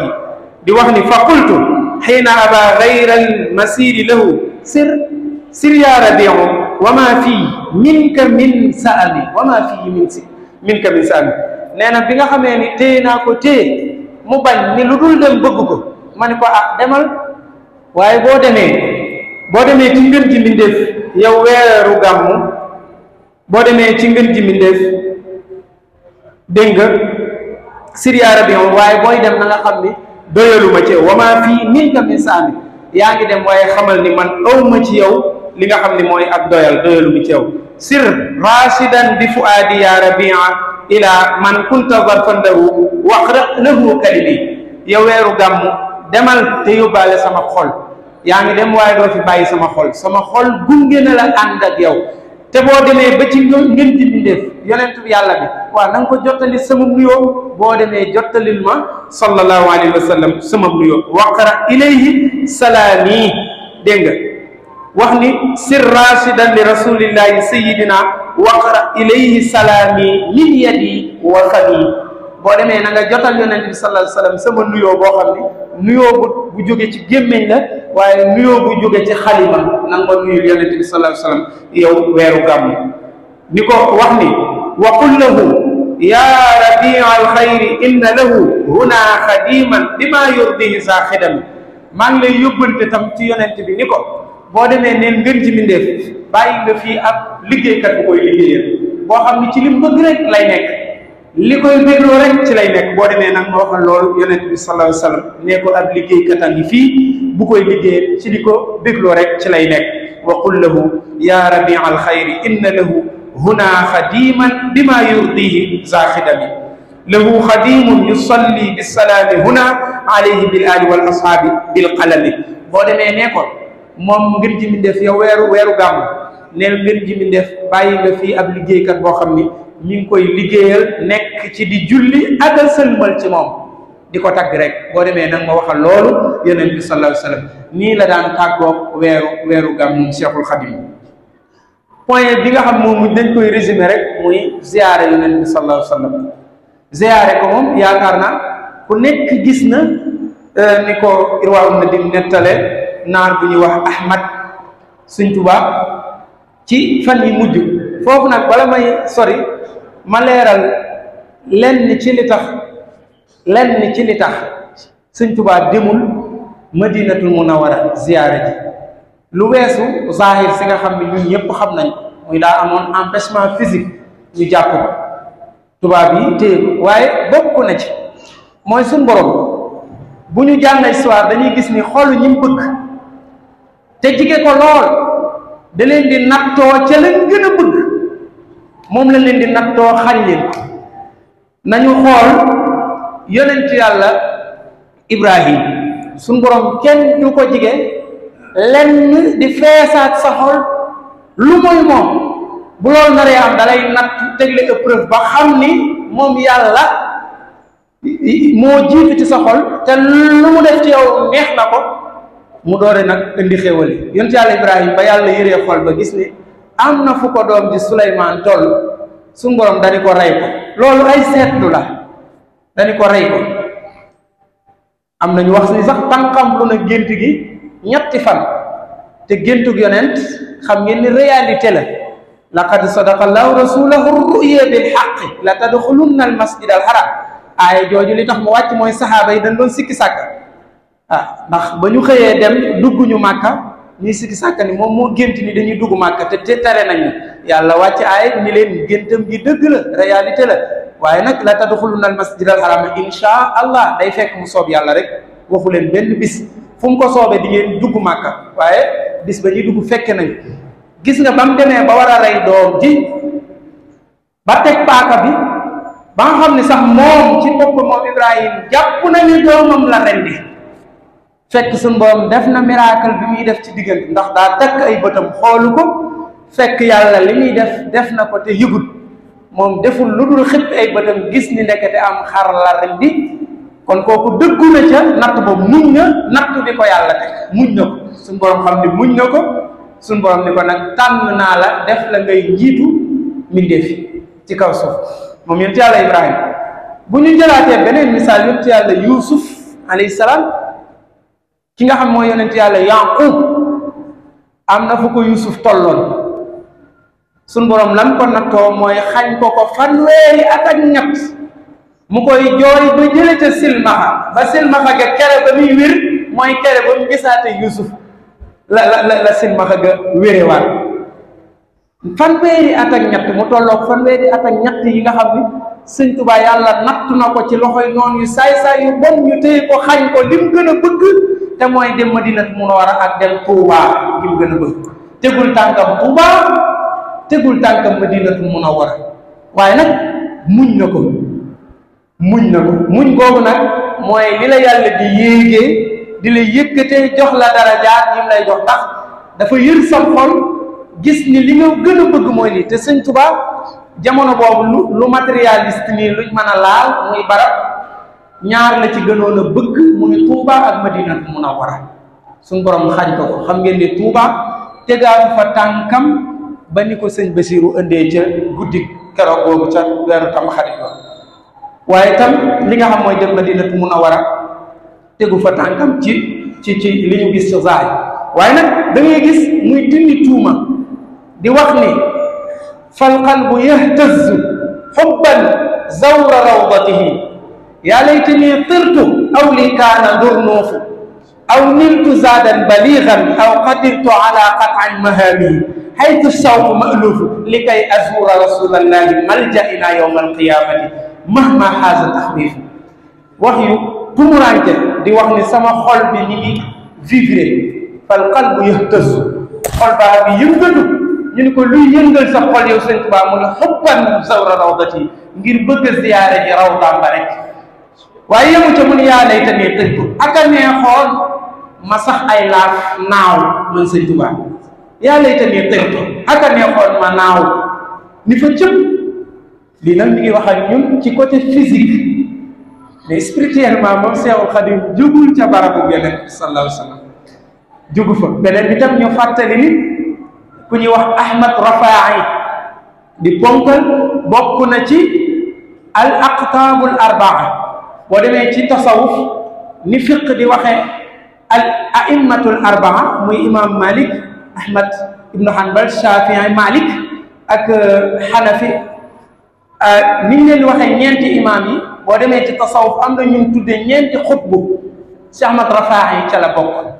di wax ni fa qultu xiina aba gayra almasiri lahu sir sir ya rabiu wa ma fii minka min saali wa ma min si minka saali nee na bi nga xamee ni téye naa ko téye mu bañ ni lu dul dem bëgg ko ma ni ko ah demal waaye boo demee boo demee ci ngën ji mbindéef yow weeru gàmmu boo demee ci ngën ji mbindéef dégg nga siriya rabion waaye booy dem na nga xam ni ma ci yow wama fii minka min yaa ngi dem waaye xamal ni man awma ci yow li nga xam ni mooy ak doyal doyaluma ci yow sir rachidan bi fuaadi ya rabia ila man kunta barfan lahu waqra lahu kalimi yow weeru gàmmu demal te yóbbaale sama xol yaa ngi dem waaye doo fi bàyyi sama xol sama xol gunge na la ànd ak yow te boo demee ba ci ngën di mbindéef yonentu yàlla bi waaw na ko jottali sama nuyoo boo demee jottalil ma sallallahu alayhi wa sallam sama nuyoo waqara ilayhi salaami dégg nga wax ni sir rachidan li rasulillahi sayidina waqara ilayhi salaami min yadi wa fami boo demee na nga jotal yonent bi sallallahu alayhi wa sallam sama nuyoo boo xam ne nuyoo bu bu jóge ci gémmiñ la waaye nuyoo bu jóge ci xalima na nga nuyul yonente bi sallallahu alayhi wa sallam weeru gàmmu ni ko wax ni wa qul lahu ya rabi'a alxayri inna lahu huna xadiman bima yurdihi saa xidami maa ngi lay yóbbante tam ci yonente bi ni ko boo demee ne ngën ci bàyyi nga fii ab liggéeykat bu koy liggéeyal boo xam ni ci lim bëgg rek lay nekk li koy bégloo rek ci lay nekk boo demee nag ma waxal loolu yonent bi sallallahu alayhi wasallam nee ko ab liggéeykatam yi fii bu koy liggéey ci liko ko bégloo rek ci lay nekk wa qul lahu ya rabi al xayri inna lahu huna xadiman bima yurdihi zaxidami lahu xadimun yusalli bisalaami huna alayhi bil ali wal ashaabi bil qalami boo demee nee ko moom ngir ji mi def yow weeru weeru ne neel ngir ji mi def bàyyi nga fii ab liggéeykat boo xam ni ñi ngi koy liggéeyal nekk ci di julli ak a sëlmal ci moom di ko tagg rek boo demee nag ma waxal loolu yeneen bi sallallahu alayhi wa sallam la daan tàggoog weeru weeru gàmmu Cheikhul Khadim point bi nga xam moom mu dañ koy résumé rek muy ziyaare yonent bi sallallahu alayhi wa ziyaare ko moom yaakaar naa ku nekk gis na euh, ni ko irwaaw na di nettale naar bi ñuy wax Ahmad Sëñ Tuubaa ci fan yi mujj foofu nag bala may sori ma leeral lenn ci li tax lenn ci li tax sëñ Tuubaa demul war a ziyaare ji lu weesu zahir si nga xam ne ñun ñëpp xam nañ muy daa amoon empêchement physique ñu jàpp ko tubaab yi téye waaye bokk na ci mooy suñ borom bu ñu jàng histoire dañuy gis ni xool ñi mu bëgg te jige ko lool da leen di nattoo ca lañ gën a bëgg moom la leen di nattoo xañ leen nañu xool yonent yàlla ibrahim suñ boroom kenn ñu ko jige lenn di feesaat sa xol lu muy moom bu loolu naree am dalay natt tegle épreuve ba xam ni moom yàlla moo jiitu ci sa xol te lu mu def ci yow neex na ko mu doore nag indi xéewal yi yonent yàlla ibrahim ba yàlla yëree xol ba gis ni am na fu ko doom ji Suleymaan toll su ngoroom dañu ko rey ko loolu ay seetlu la dañu ko rey ko am nañu wax ni sax tànqam lu na gént gi ñetti fan te géntug yonent xam ngeen ni réalité la laqad sadaqa allahu rasulahu ruya bil xaqi la tadxulunna al masjid al haram aaya jooju li tax mu wàcc mooy saxaaba yi dañ doon sikki sàkk ah ndax ba ñu xëyee dem dugg ñu màkka ñuy sikki sàkka ni moom moo gént ni dañuy dugg màkka te te tere nañu yàlla wàcc aay ni leen géntam gi dëgg la réalité la waaye nag la tadxuluna al masjid al haram insha allah day fekk mu soob yàlla rek waxu leen benn bis fu mu ko soobee di ngeen dugg màkka waaye bis ba ñuy dugg fekke nañu gis nga ba mu demee ba war a rey doom ji ba teg paaka bi ba nga xam ne sax moom ci bopp moom Ibrahim jàpp na ni doomam la rendi fekk suñu borom def na miracle bi muy def ci diggante ndax daa takk ay bëtam xoolu ko fekk yàlla li muy def def na ko te yëgut moom deful lu dul xëpp ay bëtam gis ni nekkete am xar lar bi kon kooku dëggu na ca natt ba muñ na natt bi ko yàlla teg muñ na ko suñu borom xam ni muñ na ko suñu borom ni tànn naa la def la ngay njiitu mbindeef ci kaw suuf moom yonent yàlla Ibrahima bu ñu jëlaatee beneen misaal yonent yàlla Yuusuf alayhi salaam ki nga xam mooy yonent yàlla Yaaqub am na fu ko Yuusuf tolloon suñ boroom lan ko nattoo mooy xañ ko ko fanweeri at ak ñett mu koy jooy ba jële ca silmaxa ba silmaxa ga kere ba muy la la la la silmaxa ga wérewaat fanweeri at ak ñett yi nga xam ni sëñ Tuubaa yàlla natt na ko ci loxo noonu yu saay-saay yu bon ñu téye ko xañ ko lim gën a bëgg te mooy dem Madinatu Munawwara ak dem Touba ki mu gën a bëgg tegul tànkam bu Touba tegul tànkam war a waaye nag muñ na ko muñ na ko muñ googu nag mooy li la yàlla di yéegee di la yëkkatee jox la darajaat yi lay jox tax dafa yër sa xol gis ni li nga gën a bëgg mooy lii te sëñ Touba jamono boobu lu lu matérialiste nii luñ man a laal muy barab. ñaar la ci gënoon a bëgg mu ne Touba ak Madinatu Munawwara suñu borom xañ ko ko xam ngeen ne Touba tegaaru fa tànkam ba ni ko sëñ Basiru indee ca guddi keroog boobu ca weeru tam xarit ba waaye tam li nga xam mooy dem Madinatu Munawwara tegu fa tànkam ci ci ci li ñu gis sa zaay waaye da ngay gis muy tindi tuuma di wax ni fal qalbu yahtazu xubban zawra rawdatihi يا ليتني طرت أو لي كان ذرنوف أو نلت زادا بليغا أو قدرت على قطع مهامي حيث الشوق مألوف لكي أزور رسول الله ملجأنا يوم القيامة مهما حاز التخويف wax yu tumuraanke di wax ni sama xol bi ñu ngi vivre fal qalbu yahtazu xol baa bi yëngatu ñu ni ko luy yëngal sa xol yow sëñ Tuubaa mu ne xubban zawra rawdati ngir bëgg a ziyaare ji rawdaam ba rek waaye yemu ca mu ni yaa tamit tëj ak a neexoon ma sax ay laaf naaw man sëñ Tuubaa yaa lay tamit tëj ak a neexoon ma naaw ni fa cëpp lii nag mi ngi wax ak ñun ci côté physique mais spirituellement moom Seexul Xadim jugul ca barabu Yonent bi wa sallam jugu beneen bi tam ñu fàttali ni ku ñuy wax Ahmad Rafaai di ponkal bokk na ci al aqtaabul arbaa boo demee ci tasawuf ni fiq di waxee al aimmatul arbaa muy imam malik ahmad ibnu hanbal shafii malik ak xanafi euh, euh, ni ñu leen di waxee ñeenti imam yi boo demee ci tasawuf am na ñun tudde ñeenti xutbu si ahmad rafaayi ca la bokk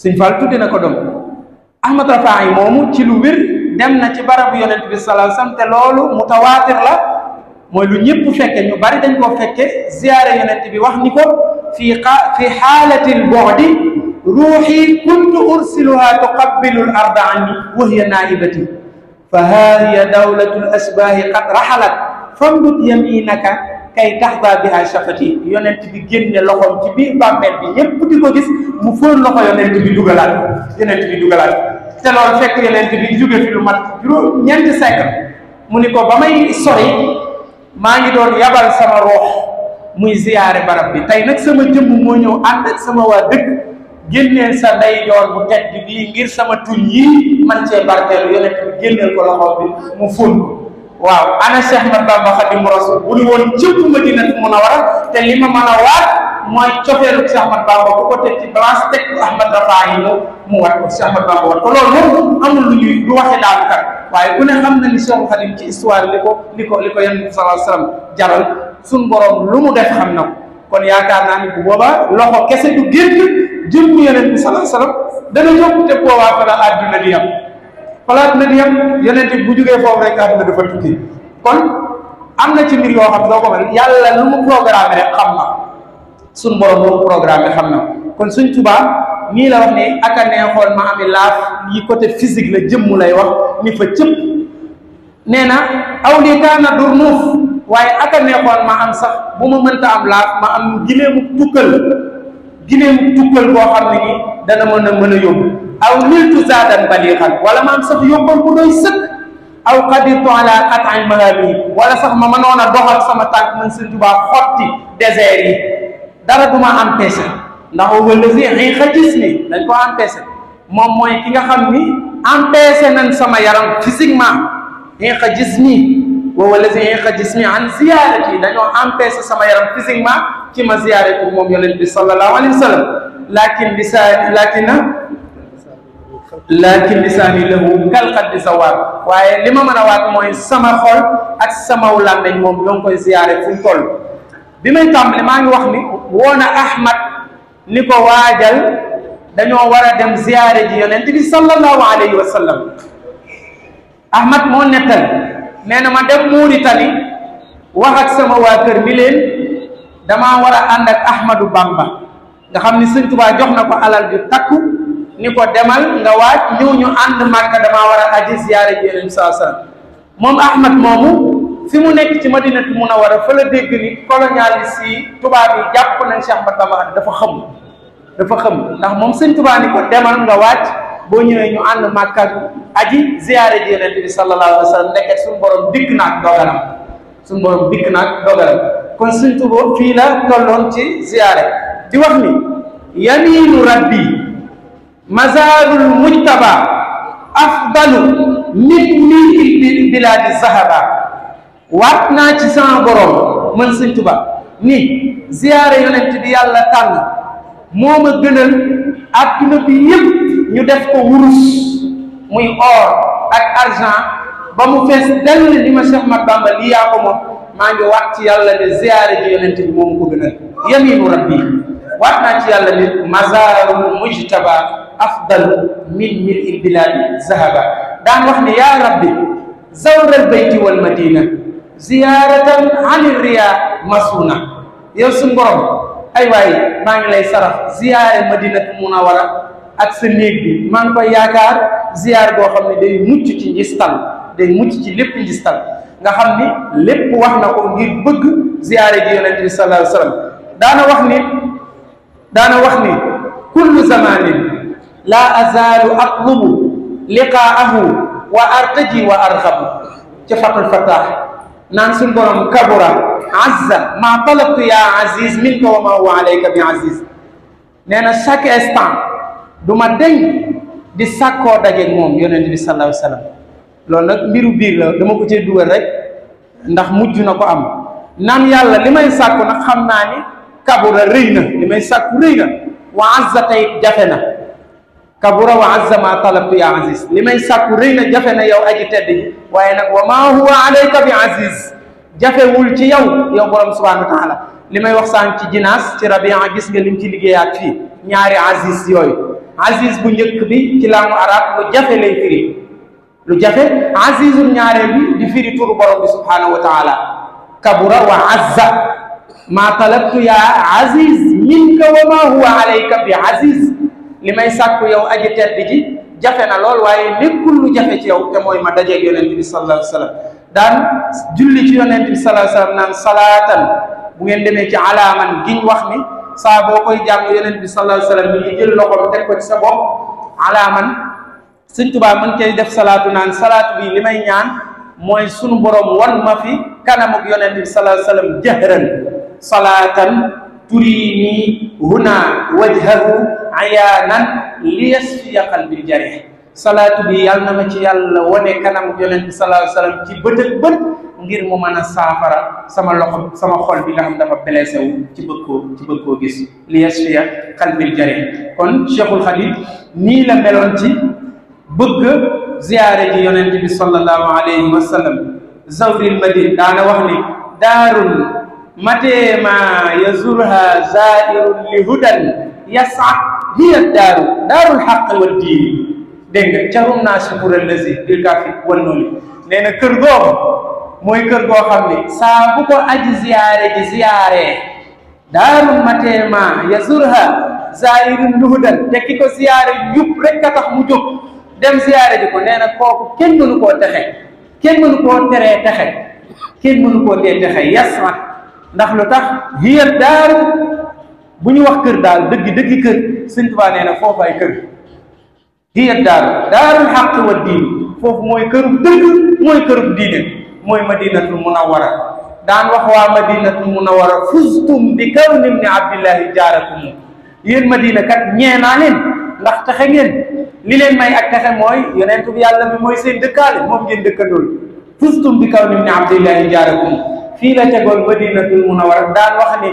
suñ fal tudde na ko doom ahmad rafaayi moomu ci lu wér dem na ci barabu yonent bi sallallahu alayhi wasallam te loolu mutawaatir la mooy lu ñëpp fekke ñu bari dañ koo fekke ziyaare yonent bi wax ni ko fii fi xaalati lboxdi ruuxi kuntu ursiluha tuqabbilu l arda anni wa hiya naibati fa haa hiya dawlatu l asbaahi qad raxalat fambut yaminaka kay taxda biha shafati yonent bi génne loxoom ci biir bàmmeel bi ñëpp di ko gis mu fóon loxo yonent bi dugalaat yonent bi dugalaat te loolu fekk yonent bi jóge fi lu mat juróom ñeenti siècle mu ni ko ba may sori maa ngi doon yabal sama roox mu ziyaare barab bi tey nag sama jëmm moo ñëw ànd ak sama waa dëkk génneel sa ndeyjoor bu tedd bii ngir sama tuñ yii man cee barkeelu yonent bi génneel ko loxoom bi mu fóon ko waaw ana Cheikh Ahmad Bamba Xaadimu Rasuul bu ñu woon cëpp Madinatu Munawwara te li ma mën a mooy cofeelu si Ahmad Bamba bu ko teg ci balance teg ko Ahmad Rafaay yi mu wat ko si Ahmad Bamba wat ko loolu moom amul lu ñuy du waaye ku ne xam na ni Seexul Xadim ci histoire li ko li ko li ko Yonent bi sallallahu boro wasallam jaral lu mu def xam na kon yaakaar naa ni bu boobaa loxo kese du génn jëm Yonent bi sallallahu alayhi wasallam dana jóg te boobaa fala àdduna di yam fala àdduna di yam Yonent bi bu jógee foofu rek àdduna dafa tukki kon am na ci mbir yoo xam doo ko mel yàlla lu mu programme na suñ borom lu programme bi xam na kon suñ tubaa nii la wax ne aka neexoon ma ami laaf yi côté physique la jëmm lay wax ni fa cëpp nee na aw lii kaana dur nuuf waaye aka neexoon ma am sax bu ma mënta am laaf ma am gileemu tukkal gileemu tukkal boo xam ne ni dana mën a mën a yóbbu aw niltu zaadan balixan wala ma am sax yóbbal bu doy sëkk aw qadirtu ala qat'i mahabi wala sax ma mënoon a doxal sama tànk man suñ tubaa xotti désert yi dara du ma empêché ndax oo xii xa gis ni dañ ko empêché moom mooy ki nga xam ni empêché nañ sama yaram physiquement xii xa gis nii wa wëllësi xii xa gis nii an ziyaarati dañoo empêché sama yaram physiquement ci ma ziyaare ko moom yonent bi sallallahu alayhi wa sallam lakin lisaan lakin na lakin lisaani lahu kalxat bi zawaar waaye li ma mën a waat mooy sama xol ak samaw làmmeñ moom ñoo ngi koy ziyaare fu mu bi may tàmbali maa ngi wax ni woon a Ahmad ni ko waajal dañoo war a dem ziyaare ji yonent bi sallallahu alayhi wa sallam Ahmad moo nettal nee na ma dem Mauritanie wax sama waa kër mi leen damaa war a ànd ak Ahmadu Bamba nga xam ni Sëñ Tuubaa jox na ko alal ju takku ni ko demal nga waaj ñëw ñu ànd Màkka damaa war a aji ziyaare ji yonent bi sallallahu moom Ahmad moomu. si mu nekk ci madinatu munawara fa la dégg ni colonialiste si tubaab yi jàpp nañ Cheikh Ahmad Bamba dafa xam dafa xam ndax moom sëñ Tuubaa ni ko demal nga wàcc boo ñëwee ñu ànd Màkka aji ziyaare ji yonent bi sallallahu alayhi wa sallam nekket suñu borom dikk naag dogalam suñu borom dikk naag dogalam kon sëñ Tuubaa fii la tolloon ci ziyaare di wax ni yamiinu rabbi mazarul mujtaba afdalu min mii bilaadi zahaba waat naa ci sama borom man sëñ Tuba ni ziyaare yonent bi yàlla tànn moo ma gënal adduna bi yëpp ñu def ko wurus muy or ak argent ba mu fees dell li ma Cheikh Mat Bamba lii maa ngi waat yàlla ne ziyaare ji yonent bi moom ko gënal rabbi waat naa ci yàlla ne mazarul mujtaba afdal min mil il biladi zahaba daan wax ne yaa rabbi zawral bayti wal madina ziyaaratan anil riyaa masuna yow suñu borom ay waay maa ngi lay sarax ziyaare madinatu munawara ak sa néeg bi maa ngi koy yaakaar ziyaar boo xam ne day mucc ci njistal day mucc ci lépp njistal nga xam ni lépp wax na ko ngir bëgg ziyaare ji yonent bi sallallahu alayhi wa sallam daana wax ni daana wax ni kullu zamanin laa azaalu atlubu liqaahu wa artaji wa arxabu ci fatul naan suñ borom kabura azza maa talabtu ya aziz min ko wa ma wa alayka bi aziz nee na chaque instant du ma deñ di sàkkoo dajeeg moom yonent bi sallallahu wa sallam loolu nag mbiru biir la dama ko cee dugal rek ndax mujj na ko am naan yàlla li may sàkku nag xam naa ni kabura rëy na li may sàkku rëy na wa azza tey jafe na kabura wa azza ma talabtu ya aziz li may sàkku rëy na jafe na yow aji tedd ji waaye wa maa huwa alayka bi aziz jafewul ci yow yow borom subhanahu wa taala li may wax sànq ci jinaas ci rabia gis nga lim ci liggéeyaat fii ñaari aziz yooyu aziz bu njëkk bi ci laamu arab lu jafe lay firi lu jafe azizul ñaareel bi di firi turu borom bi subhanahu wa taala kabura wa azza ma talabtu ya aziz minka wa maa huwa alayka bi aziz li may sàkku yow aji tedd ji jafe na lool waaye nekkul lu jafe ci yow te mooy ma dajeeg yonent bi sallallahu alayhi wa sallam daan julli ci yonent bi sallallahu alayhi wa sallam naan salaatan bu ngeen demee ci alaaman giñ wax ni saa boo koy jàng yonent bi sallallahu alayhi wa sallam mi ngi jël ko ci sa bopp alaaman sëñ Tuubaa mën cay def salaatu naan salaatu bi li may ñaan mooy sunu borom wan ma fi kanamug yonent bi sallallahu alayhi wa sallam jahran salaatan turini huna wajhahu ayaanan liyasfiya qalbi jarih salaatu bi yàlla na ma ci yàlla wone kanam yonent bi sallallahu alayhi wasallam ngir mo mën a saafara sama loxo sama xol bi nga xam dafa ci bëgg koo ci bëgg koo gis li yasfiya qalbil jarih kon Cheikhul Khadim nii la ci bëgg ziyaare ji yonent bi sallallahu alayhi wasallam zawril madin daana wax ni daarul mateema yazurha zairun li hudan yasa hiya daaru daarul xaq wal diini dégg nga carum naa sukural lasi il kafi wannooli nee na kër googu mooy kër goo xam ne saa bu ko aji ziyaare ji ziyaare daarul mateema yazurha zairun li hudan te ziyaare yub rek mu jóg dem ziyaare ji ko nee kooku kenn mënu koo texe kenn mënu koo teree texe ndax lu tax hiya daaru bu ñu wax kër daal dëgg dëgg kër Sëñ Tuubaa na foofaay kër hiya daaru daarul xaq wa diin foofu mooy kërub dëgg mooy kërub diine mooy madinatul munawara daan wax waa madinatul munawara fustum bi kawni ibni abdillahi jaarakum yéen madina kat ñee naa leen ndax taxe ngeen li leen may ak taxe mooy yonentu bi yàlla bi mooy seen dëkkaale moom ngeen dëkkandool fustum bi kawni ibni abdillahi jaarakum fii la tegoon madinatul munawwara daan wax ni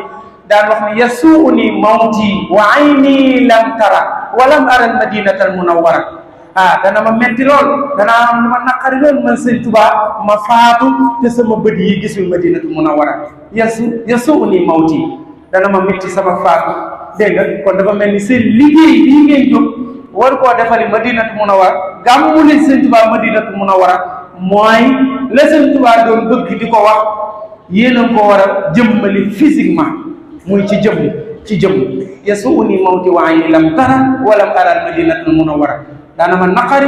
wax ni yasuuni mawti wa ayni lam tara wa lam ara madinatal munawwara ah dana ma metti lool danaa am lu ma naqari man sëñ Tuubaa ma faatu te sama bët yi gisul madinatul munawwara yasu yasuuni mawti dana ma metti sama faatu dégg nga kon dafa mel ni seen liggéey bii koo defali madinatu munawwara gàmmu leen sëñ Tuubaa madinatu munawwara mooy la sëñ Tuubaa doon bëgg di ko wa yéen a ko war a jëmmali physiquement muy ci jëmm ci jëmm yesu ni mawti waa ni lam tara wala aral madinatul munawwara daana ma naqari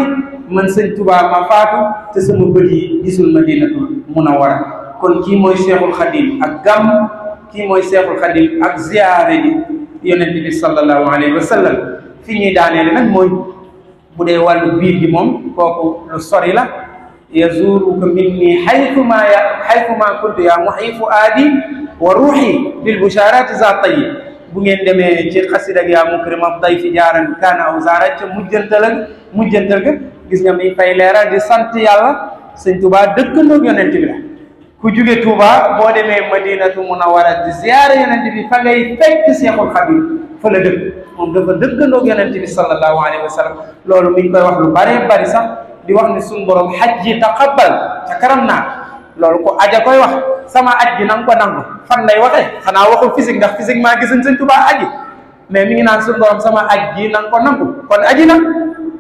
man sëñ Tuubaa ma faatu te mu bët yi gisul madinatul munawwara kon ci mooy Seexul Xadim ak gàmm kii mooy Seexul Xadim ak ziyaare bi yonent bi sallallahu alayhi wa sallam fi ñuy daaneele nag mooy bu dee wàllu biir gi moom kooku lu sori la يزورك مني حيثما حيثما كنت يا محيي فؤادي وروحي بالبشارات ذا طيب bu ngeen demee ci xasid ak yaa mukrim af day fi jaaran kaana aw zaara ca mujjantal ak mujjantal ga gis nga mi fay leeral di sant yàlla sëñ Tuubaa dëkkandoog yonent bi la ku jóge Tuubaa boo demee Madinatu Munawwara di ziyaara yonent bi fa ngay fekk Seexul Xabiib fa la dëkk moom dafa bi sallallahu alayhi wa sallam loolu mi ngi koy wax lu bare bari sax di wax ne suñu borom hajji taqabbal ca karam naa loolu ko aja koy wax sama aj gi nanga ko nangu fan lay waxee xanaa waxul physique ndax physique maa gisan sëñ tubaa aji mais mi ngi naan suñu sama aj gi nanga ko nangu kon aji na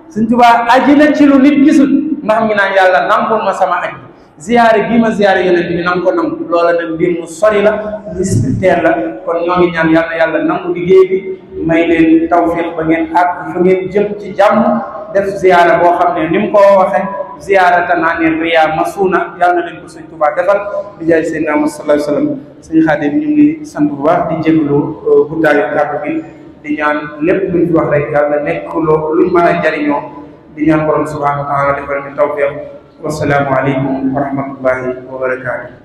sëñ tubaa aji na ci lu nit gisul ndax mi ngi naan yàlla nangul ma sama aj ziyaare bii ma ziyaare yonent bi nanga ko nangu loola nag mbir mu sori la mu spirituel la kon ñoo ngi ñaan yàlla yàlla nangu di bi may leen tawfiq ba ngeen àgg fa ngeen jëm ci jàmm def ziyaara boo xam ne ni mu ko waxee ziyaaratan ani riya masuna yal na leen ko sëñ Tuubaa defal bi jaay Seydina Muhammad sallallahu alayhi wa sallam sëñ Xaadim ñu ngi sant di jégalu euh, guddaayu kàddu gi di ñaan lépp luñ fi wax rek yal na nekk luñ mën a jariñoo di ñaan borom subhaanahu wa taala defal ñu tawfiq wasalaamu aleykum wa rahmatullahi wa